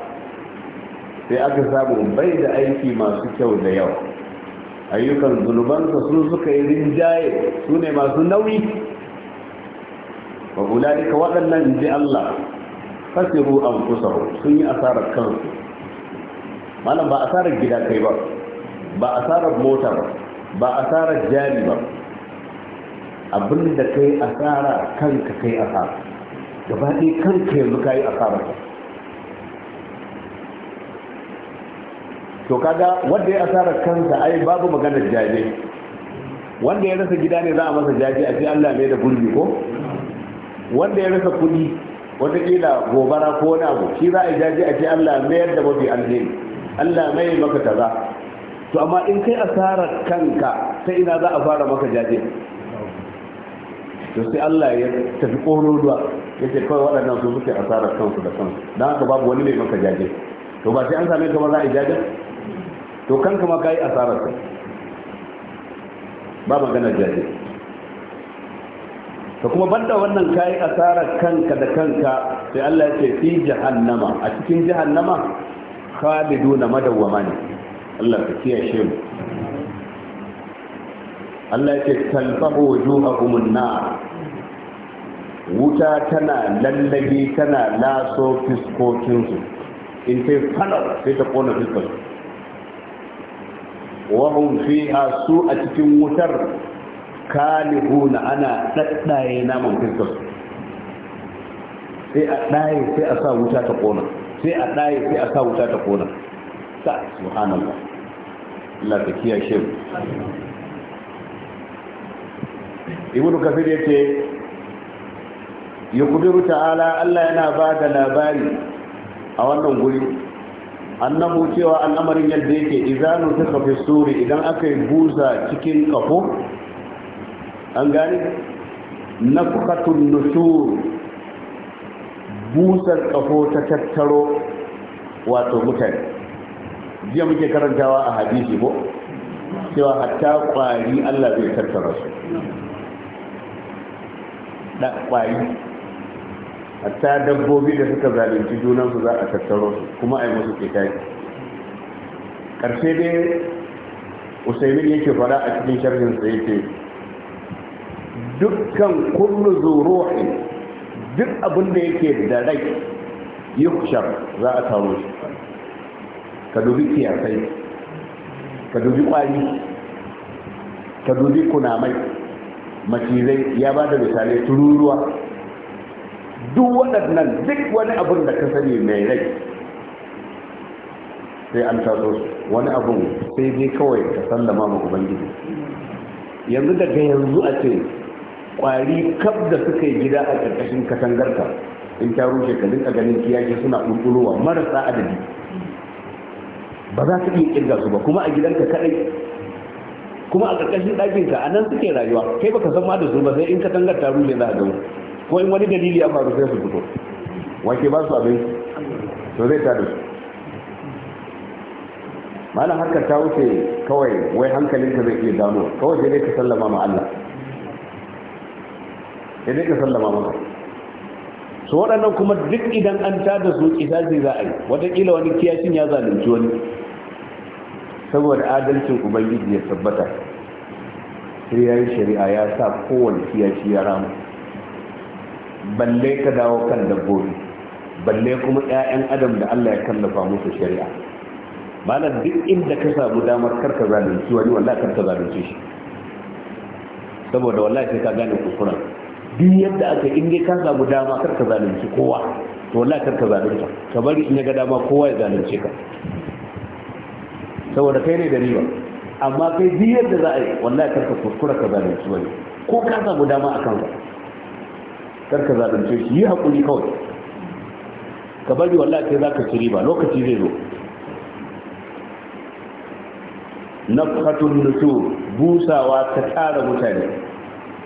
sai aka samu bai da aiki masu kyau da yawa ayyukan zunubansa sun suka yi rinjaye su ne masu nauyi wa gulalika waɗannan ji allah fasiru an kusa sun yi asarar kansu malam ba asarar gida kai ba ba asarar mota ba ba asarar jari ba abin da kai asara kanka kai asara gaba ɗaya kanka yanzu kai asara to kaga wanda ya asara kanka ai babu maganar jaje wanda ya rasa gida ne za a masa jaje a ce Allah mai da gurbi ko wanda ya rasa kuɗi wataƙila gobara ko wani abu shi za a jaje a ce Allah mayar da mafi alheri Allah mai maka kaza to amma in kai asarar kanka sai ina za a fara maka jaje to sai Allah ya tafi duwa, ya ce kawai waɗannan su suke asarar kansu da kansu don haka babu wani mai maka jaje to ba sai an same ka ba za a yi jaje to kanka ma ka yi asarar ka ba maganar jaje ka kuma banda wannan kayi asarar kanka da kanka sai Allah ya ce fi jahannama a cikin jahannama khaliduna madawwama ne Allah ka kiyaye mu Allah ya ce talfahu wujuhakum an-nar wuta tana lallabi tana laso fiskokinsu in kai falar sai ta kona fiskar wahun fi a su a cikin wutar kalihu na ana daddaye naman fiskar sai a ɗaye sai a sa wuta ta kona sai a ɗaye sai a sa wuta ta kona sa suhanallah Allah ta kiyaye shi ibnu kafir yace yuqdiru ta'ala Allah yana ba da labari a wannan guri annabu cewa al'amarin yadda yake izanu ta kafi suri idan aka yi buza cikin kafo an gani na kukatun busar kafo ta tattaro wato mutane jiya muke karantawa a hadisi ko cewa hatta kwari Allah zai tattara su da kwari hatta dabbobi da suka zalunci junansu za a tattaro su kuma a yi musu kitaki ƙarshe dai usaimin yake fara a cikin sa yake dukkan kullu zuruhin duk abin da yake da rai yukushar za a taro shi ka dubi kiyasai ka dubi kwari ka dubi kunamai macizai ya ba da misali tururuwa duk waɗannan duk wani abin da ka sani mai rai sai an taso wani abin sai dai kawai ka sallama ma ubangiji yanzu daga yanzu a ce ƙwari kaf da suka yi gida a ƙarƙashin katangarka in ta rushe ka dinka ganin kiyaye suna ƙulƙulowa marasa adadi ba za ka iya ƙirga su ba kuma a gidanka kaɗai kuma a ƙarƙashin ɗakinka a nan suke rayuwa kai baka san ma da su ba sai in katangar ta rushe za a gamu ko in wani dalili ya faru sai su fito wake ba su abin to zai tada su Malam harkar ta wuce kawai wai hankalinka zai iya gano kawai sai dai ka sallama ma Allah ya dai ka sallama maka. su waɗannan kuma duk idan an da su kisasi za a yi watakila wani kiyashin ya zalunci wani saboda adalcin ubangiji ya tabbata sai ya yi shari'a ya sa kowane kiyashi ya ramu. balle ka dawo kan dabbobi balle kuma 'ya'yan adam da allah ya kallafa musu shari'a malam duk inda ka samu damar karka zalunci wani wallah karka zalunci shi saboda wallahi sai ka gane kuskuren duk yadda aka in dai ka samu dama kar ka zalunci kowa to wallahi kar ka zalunta ka bari in ga dama kowa ya zalunce ka saboda kai ne da riba amma kai duk yadda za a yi wallahi kar ka kuskura ka zalunci wani ko ka samu dama akan ka kar ka zalunce shi yi hakuri kawai ka bari wallahi kai za ka ci riba lokaci zai zo nafhatun nusur busawa ta tsara mutane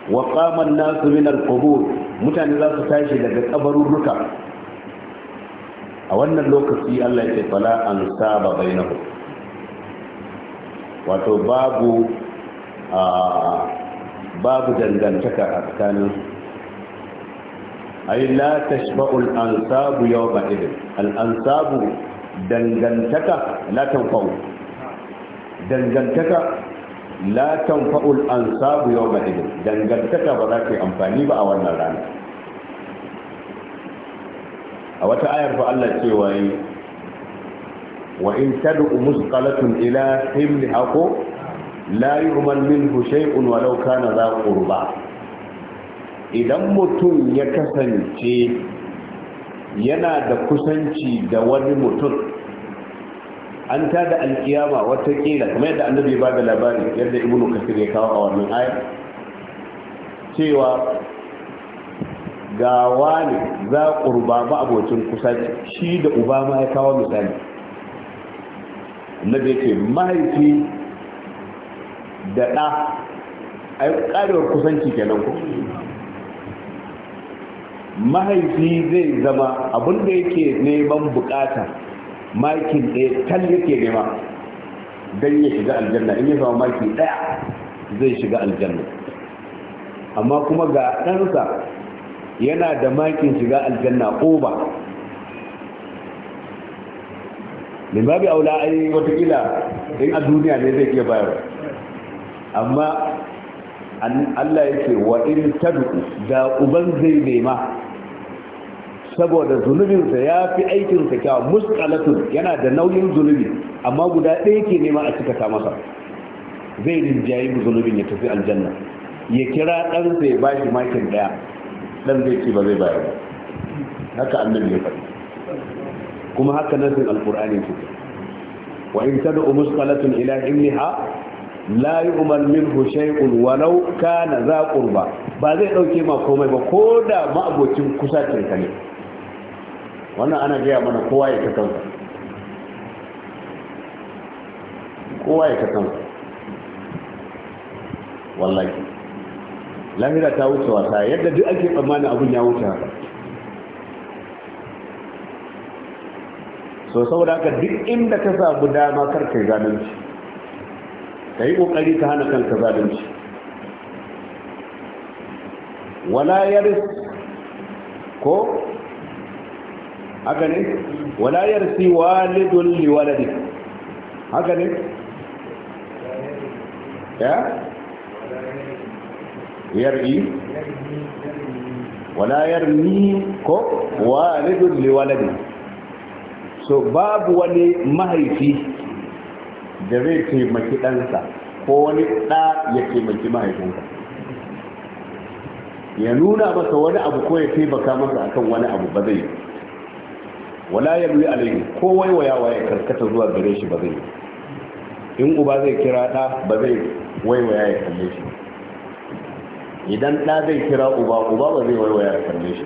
wa qama an-nasu min al-qubur mutane za su tashi daga kabarurruka a wannan lokaci Allah ya ce fala an saba bainahum wato babu a babu dangantaka a tsakanin ai la tashba'ul ansabu yawma idin al ansabu dangantaka la tanfa'u dangantaka la tanfa'ul ansabu yawma idin dangantaka ba za ta yi amfani ba a wannan rana a wata ayar fa Allah cewa yi wa in tad'u musqalatun ila himliha ko la yu'mal minhu shay'un walau kana za qurba idan mutum ya kasance yana da kusanci da wani mutum an ta da alkiyama kila kuma yadda annabi ba da labari yadda ibnu kasir ya kawo a wannan aya cewa gawa ne za ƙurba ba abocin kusa shi da uba ma ya kawo misali annabi ce mahaifi da ɗa a yi ƙarewar kusanci kenan ko mahaifi zai zama abinda yake neman bukata makin ɗaya tal yake nema don ya shiga aljanna in ya zama maki ɗaya zai shiga aljanna amma kuma ga ɗansa yana da makin shiga aljanna oba min a aula ai watakila in a duniya ne zai iya bayar amma allah ya ce wa in tadu da uban zai nema saboda zunubinsa ya fi aikinsa kyawa muskalatun yana da nauyin zunubi amma guda ɗaya ke nema a cikata masa zai rinjayi zunubin ya tafi aljanna ya kira ɗansa ya bashi makin ɗaya ɗan zai ce ba zai bayar ba haka annabi ya faɗi kuma haka nasin alƙur'ani ce. wa in tad'u musqalatun ila ibniha la umar min shay'un walau kana za qurba ba zai ɗauke ma komai ba ko da ma'abocin kusa kusacinka ne wannan ana gaya mana kowa ya kasan kowa ya kasan wallaki wallahi lahira ta wuce wata yadda duk ake tsammanin abin ya wuce haka so saboda haka duk inda ka samu dama karka yi zalunci ka yi kokari ka hana kanka zalunci wala yaris ko haka ne wala yarsi walidun liwaladi haka ne ya yar'i wala yarmi ko walidun liwaladi so babu wani mahaifi da zai taimaki ɗansa ko wani ɗa ya taimaki mahaifinsa ya nuna masa wani abu ko ya taimaka masa akan wani abu ba zai yi wala ya yalwi alayhi ko waiwayawa ya karkata zuwa gare shi ba zai in uba zai kira ɗa ba zai waiwaya ya kalle shi idan ɗa zai kira uba uba ba zai waiwaya ya kalle shi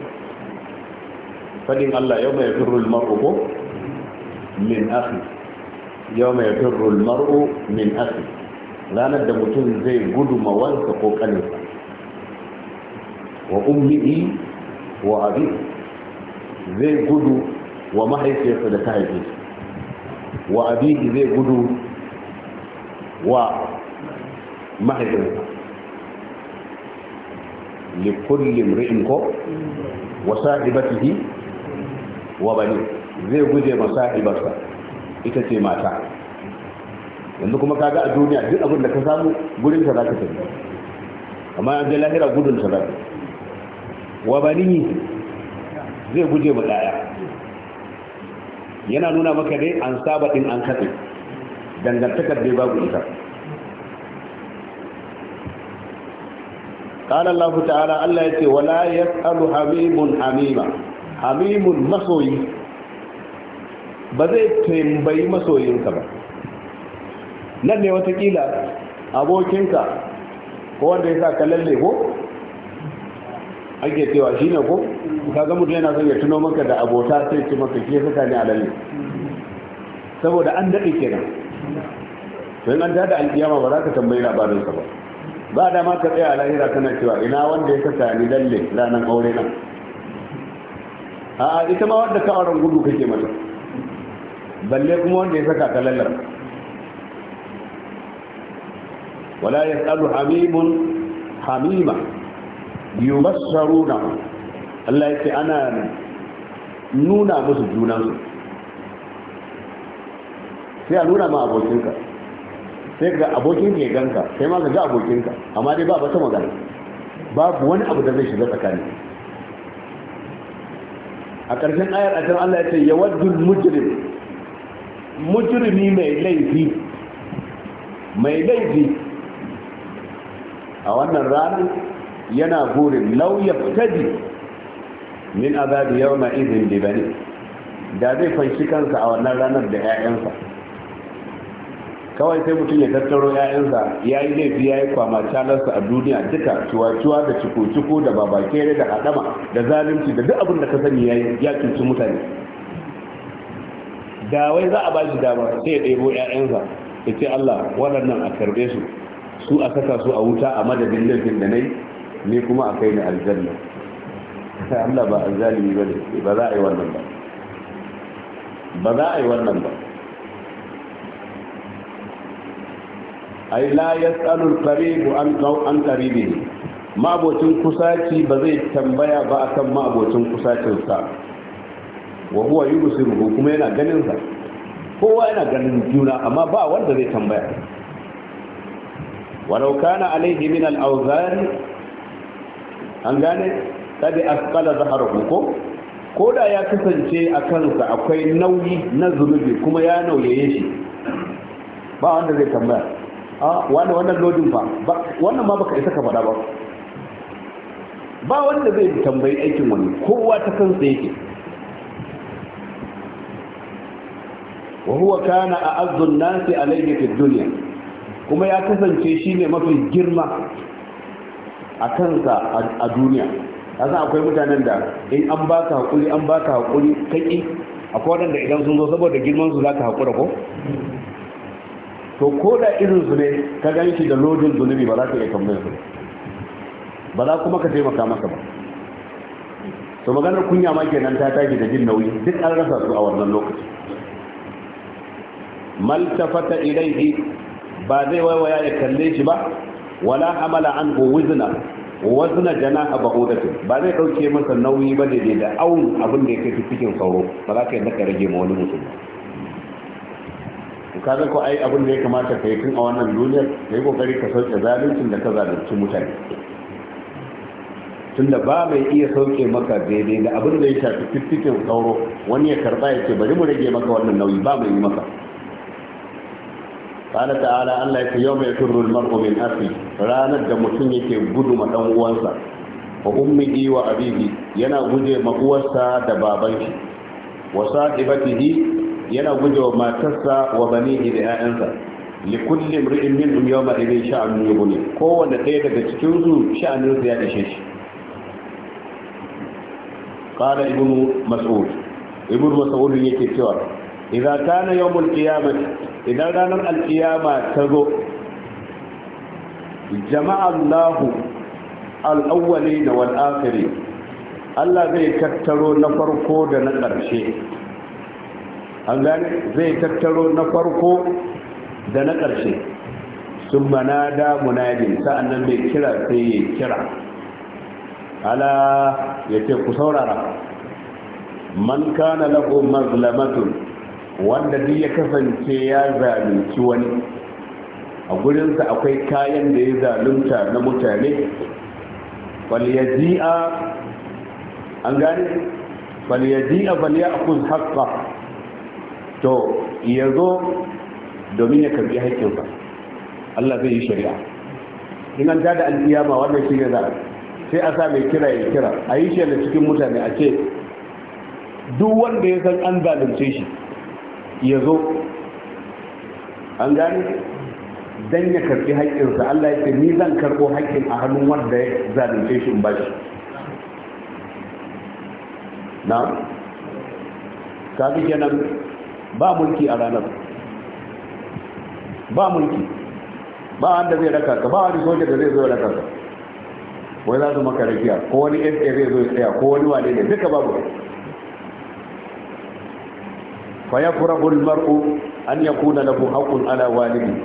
fadin Allah yau mai firrul mar'u ko min akhi yau mai firrul mar'u min akhi ranar da mutum zai gudu ma mawansa ko kaninsa wa ummihi wa abi zai gudu wa mahaifiyarsa da ta haife shi wa abihi zai gudu wa mahaifinsa likullin ri'in ko wa sa'ibatihi wa bani zai guje ma sa'ibarsa ita ce mata yanzu kuma kaga a duniya duk abin da ka samu gurin ta zaka tafi amma an je lahira gudun ta wa bani zai guje ma daya Yana nuna maka je an saba din an kase, dangantakar dai babu ita. Kada lafuta ala, Allah ya ce wala ya Habibun Hamima, Habibun masoyi. Ba zai taimbai masoyinka ba. Nan ne wasakila abokinka, ko wanda ya sa ka lalle ko? An kekewa shi ko. kaga mutum yana son ya tuno maka da abota sai ce maka ke saka ne alalle saboda an daɗe kenan to in an ta da alƙiyama ba za ka tambayi labarinsa ba ba da ma ka tsaya a lahira kana cewa ina wanda ya saka ni lalle ranar aure nan? a ita ma wanda ka auren gudu kake mata balle kuma wanda ya saka ka lallar wala ya tsalu hamimun hamima yubassaru na Allah ya ce ana nuna musu junansu sai a nuna ma abokinka sai ga abokinka ya ganka sai ma ga abokinka amma dai ba wata magana babu wani abu da zai shiga tsakani a ƙarshen ayar a can Allah ya ce yawaddul mujrim mujrimi mai laifi mai laifi a wannan ranar yana burin lauyar ya min azabi yawma idhin bi bani da zai fanshi kansa a wannan ranar da 'ya'yansa kawai sai mutum ya tattaro 'ya'yansa yayi yi laifi yayi kwama talarsa a duniya duka tuwa tuwa da ciko-ciko da kere da hadama da zalunci da duk abin da ka sani yayi ya cuci mutane da wai za a ba shi dama sai ya ɗebo 'ya'yansa ya ce allah waɗannan a karɓe su su a saka su a wuta a madadin laifin da na ne kuma a kai ni aljanna Allah ba azzalimi ba ne ba za a yi wannan ba ba za a yi wannan ba ai la yas'alul qaribu an qaw an qaribi ma'abocin kusaci ba zai tambaya ba akan ma'abocin kusacin sa wa huwa yubsiruhu kuma yana ganin sa kowa yana ganin juna amma ba wanda zai tambaya walau kana alaihi min al-awzari an gane kadi asqala zaharahu ko ko da ya kasance a kansa akwai nauyi na zunubi kuma ya nauyaye shi ba wanda zai tambaya a wani wannan lodin ba, wannan ma baka isa ka faɗa ba ba wanda zai tambayi aikin wani kowa ta kansa yake wa huwa kana a'azzun nasi alayhi fi dunya kuma ya kasance shine mafi girma a kansa a duniya kasan akwai mutanen da in an ba ka haƙuri an ba ka baka hakuri a akwai waɗanda idan sun zo saboda girman su ka haƙura ko to ko da irin su ne ka gan shi da lodin zunubi ba za ka iya tambayar su ba za kuma ka taimaka masa ba to maganar kunya ma kenan ta tashi da jin nauyi duk an rasa su a wannan lokaci maltafata ilaihi ba zai waiwaya ya kalle shi ba wala amala an wizna wazna da ba'udatin ba zai ɗauke masa nauyi ba ne da awon abin da yake cikin sauro ba za ka yi ka rage ma wani musulmi ka ga ko ai abin da ya kamata ka yi tun a wannan duniyar ka yi kokari ka sauke zaluncin da ka zalunci mutane tunda ba mai iya sauke maka daidai da abin da ya shafi fiffikin sauro wani ya karɓa ya ce bari mu rage maka wannan nauyi ba mai yi maka kala ta'ala Allah ya ce yawma yaturru al-mar'u min akhi ranar da mutum yake gudu ma dan uwansa wa ummihi wa abihi yana guje ma uwarsa da babanki wa saqibatihi yana guje wa matarsa wa banihi da ƴaƴansa li kulli imri'in minhum yawma idhin sha'nu yughni kowanne ɗaya daga cikin su sha'nin sa ya dace shi قال ابن مسعود ابن مسعود يكتب إذا كان يوم القيامة idan ranar alkiyama ta zo jama'an lahu al'awwali da wal'akari allah zai tattaro na farko da na ƙarshe zai tattaro na farko da na ƙarshe sun manada munadin sa'annan mai kira sai ya kira ala ya ce ku saurara man kana lahu mazlamatun wanda duk ya kasance ya zalunci wani a gurinsa akwai kayan da ya zalunta na mutane falyaji'a an gane falyaji'a falyakuz haqqa to yazo domin ya karbi haƙƙinsa Allah zai yi shari'a in an tada alƙiyama wannan shi ne za sai a sa mai kira ya kira a yi shi cikin mutane a ce duk wanda ya san an zalunce shi ya zo an gani. dan ya karfi haƙƙinsa Allah ya ce ni zan karɓo haƙƙin a hannun wanda ya zalunce shi in ba shi na kaga kenan ba mulki a ranar ba mulki ba wanda zai raka ka ba wani soja da zai zo raka ka wai za su maka rakiya ko wani fa zai zo ya tsaya ko wani wane ne duka babu fa yafrahu almar'u an yakuna lahu haqqun ala walidi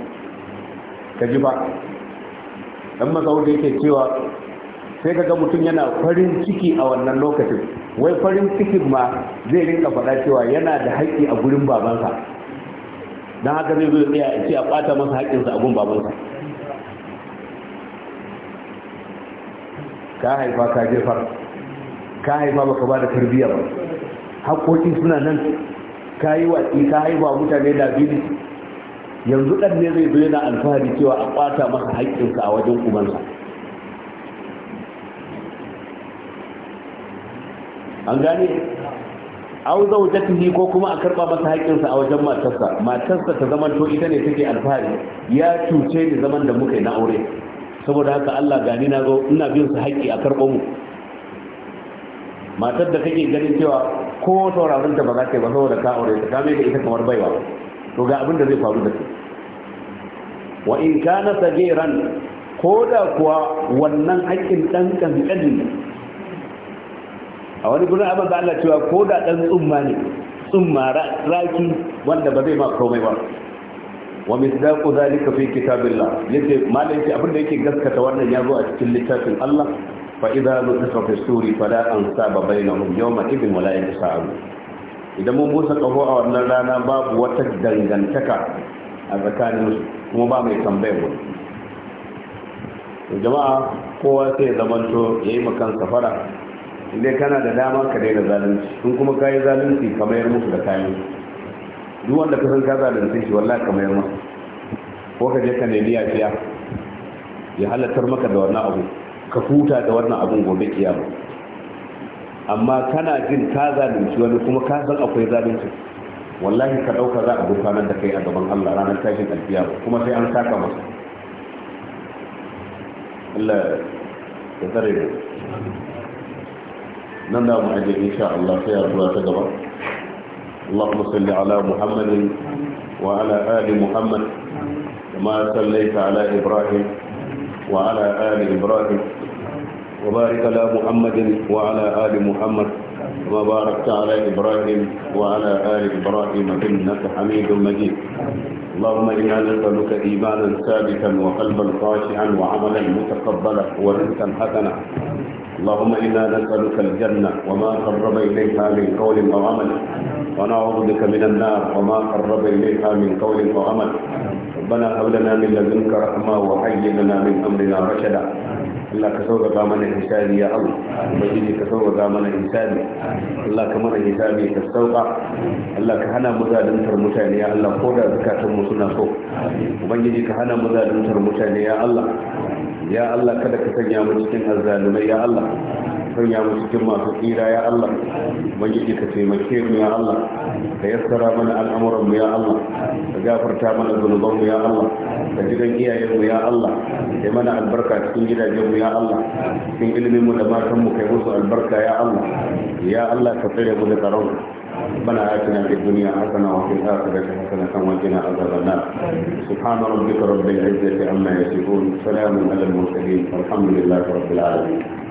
kaji ba dan masaudi yake cewa sai kaga mutum yana farin ciki a wannan lokacin wai farin cikin ma zai rinka faɗa cewa yana da haƙƙi a gurin babansa don haka zai zo tsaya ce a ɓata masa haƙƙinsa a gurin babansa ka haifa ka jefa ka haifa baka ba da tarbiyya ba Haƙƙoƙi suna nan ka yi ka haifa mutane na biyu yanzu ɗan ne zai zo yana alfahari cewa a ƙwata maka haƙƙinsa a wajen ubansa an gane au zaujatihi ko kuma a karɓa masa haƙƙinsa a wajen matarsa matarsa ta zaman to ita ne take alfahari ya cuce ni zaman da muka yi na aure saboda haka Allah gani na zo ina bin su haƙƙi a karɓo mu matar da kake ganin cewa ko sauraron ta ba za ta ba saboda ka aure ta kame ka ita kamar baiwa to ga abin da zai faru da ke wa in kana sagiran ko da kuwa wannan haƙƙin dan kankan a wani gurin abin da Allah cewa ko da dan tsumma ne tsumma raki wanda ba zai ma komai ba wa misdaqu zalika fi kitabillah yace malai abin da yake gaskata wannan ya zo a cikin littafin Allah فإذا نفخ في السور فلا أنساب بينهم يومئذ ولا يتساءلون idan mun busa kaho a wannan rana babu wata dangantaka a tsakanin kuma ba mai tambayar wani jama'a kowa sai ya zamanto ya yi makan safara inda kana da dama ka daina zalunci in kuma ka yi zalunci ka mayar musu da kayan duk wanda ka san ka zalunci shi wallahi ka mayar masa ko ka je ka nemi yafiya ya halattar maka da wannan abu ka huta da wannan abin gobe kiyama amma kana jin ka zalunci wani kuma ka san akwai zalunci wallahi ka dauka za a gurfanar da kai a gaban Allah ranar tashin alkiyama kuma sai an saka masa Allah ya tsare da nan da mu aje insha Allah sai ya zuwa ta gaba Allahumma اللهم صل على محمد وعلى آل محمد كما صليت على إبراهيم وعلى آل إبراهيم وبارك على محمد وعلى آل محمد وبارك على إبراهيم وعلى آل إبراهيم إنك حميد مجيد اللهم إنا نسألك إيمانا ثابتا وقلبا خاشعا وعملا متقبلا ورزقا حسنا اللهم إنا نسألك الجنة وما قرب إليها من قول وعمل ونعوذ بك من النار وما قرب إليها من قول وعمل ربنا هب لنا من لدنك رحمة وهيئ لنا من أمرنا رشدا Allah ka sauƙaƙa mana hisabi ya Allah ubangiji ka sauƙaƙa mana hisabi Allah ka mana hisabi ka sauƙa Allah ka hana mu mutane ya Allah ko da zakatun mu suna so ubangiji ka hana mu mutane ya Allah ya Allah kada ka sanya mu cikin azzalumai ya Allah sanya mu cikin masu tsira ya Allah ubangiji ka taimake mu ya Allah ka yassara mana al'amuran mu ya Allah ka gafarta mana zunuban mu ya Allah ka ji dan iyayen mu ya Allah ka mana albarka cikin gidajen mu ya Allah cikin ilimin mu da matan mu kai musu albarka ya Allah ya Allah ka tsare mu da tsaron ربنا آتنا في الدنيا حسنة وفي الآخرة حسنة وقنا عذاب النار سبحان ربك رب العزة عما يصفون سلام على المرسلين والحمد لله رب العالمين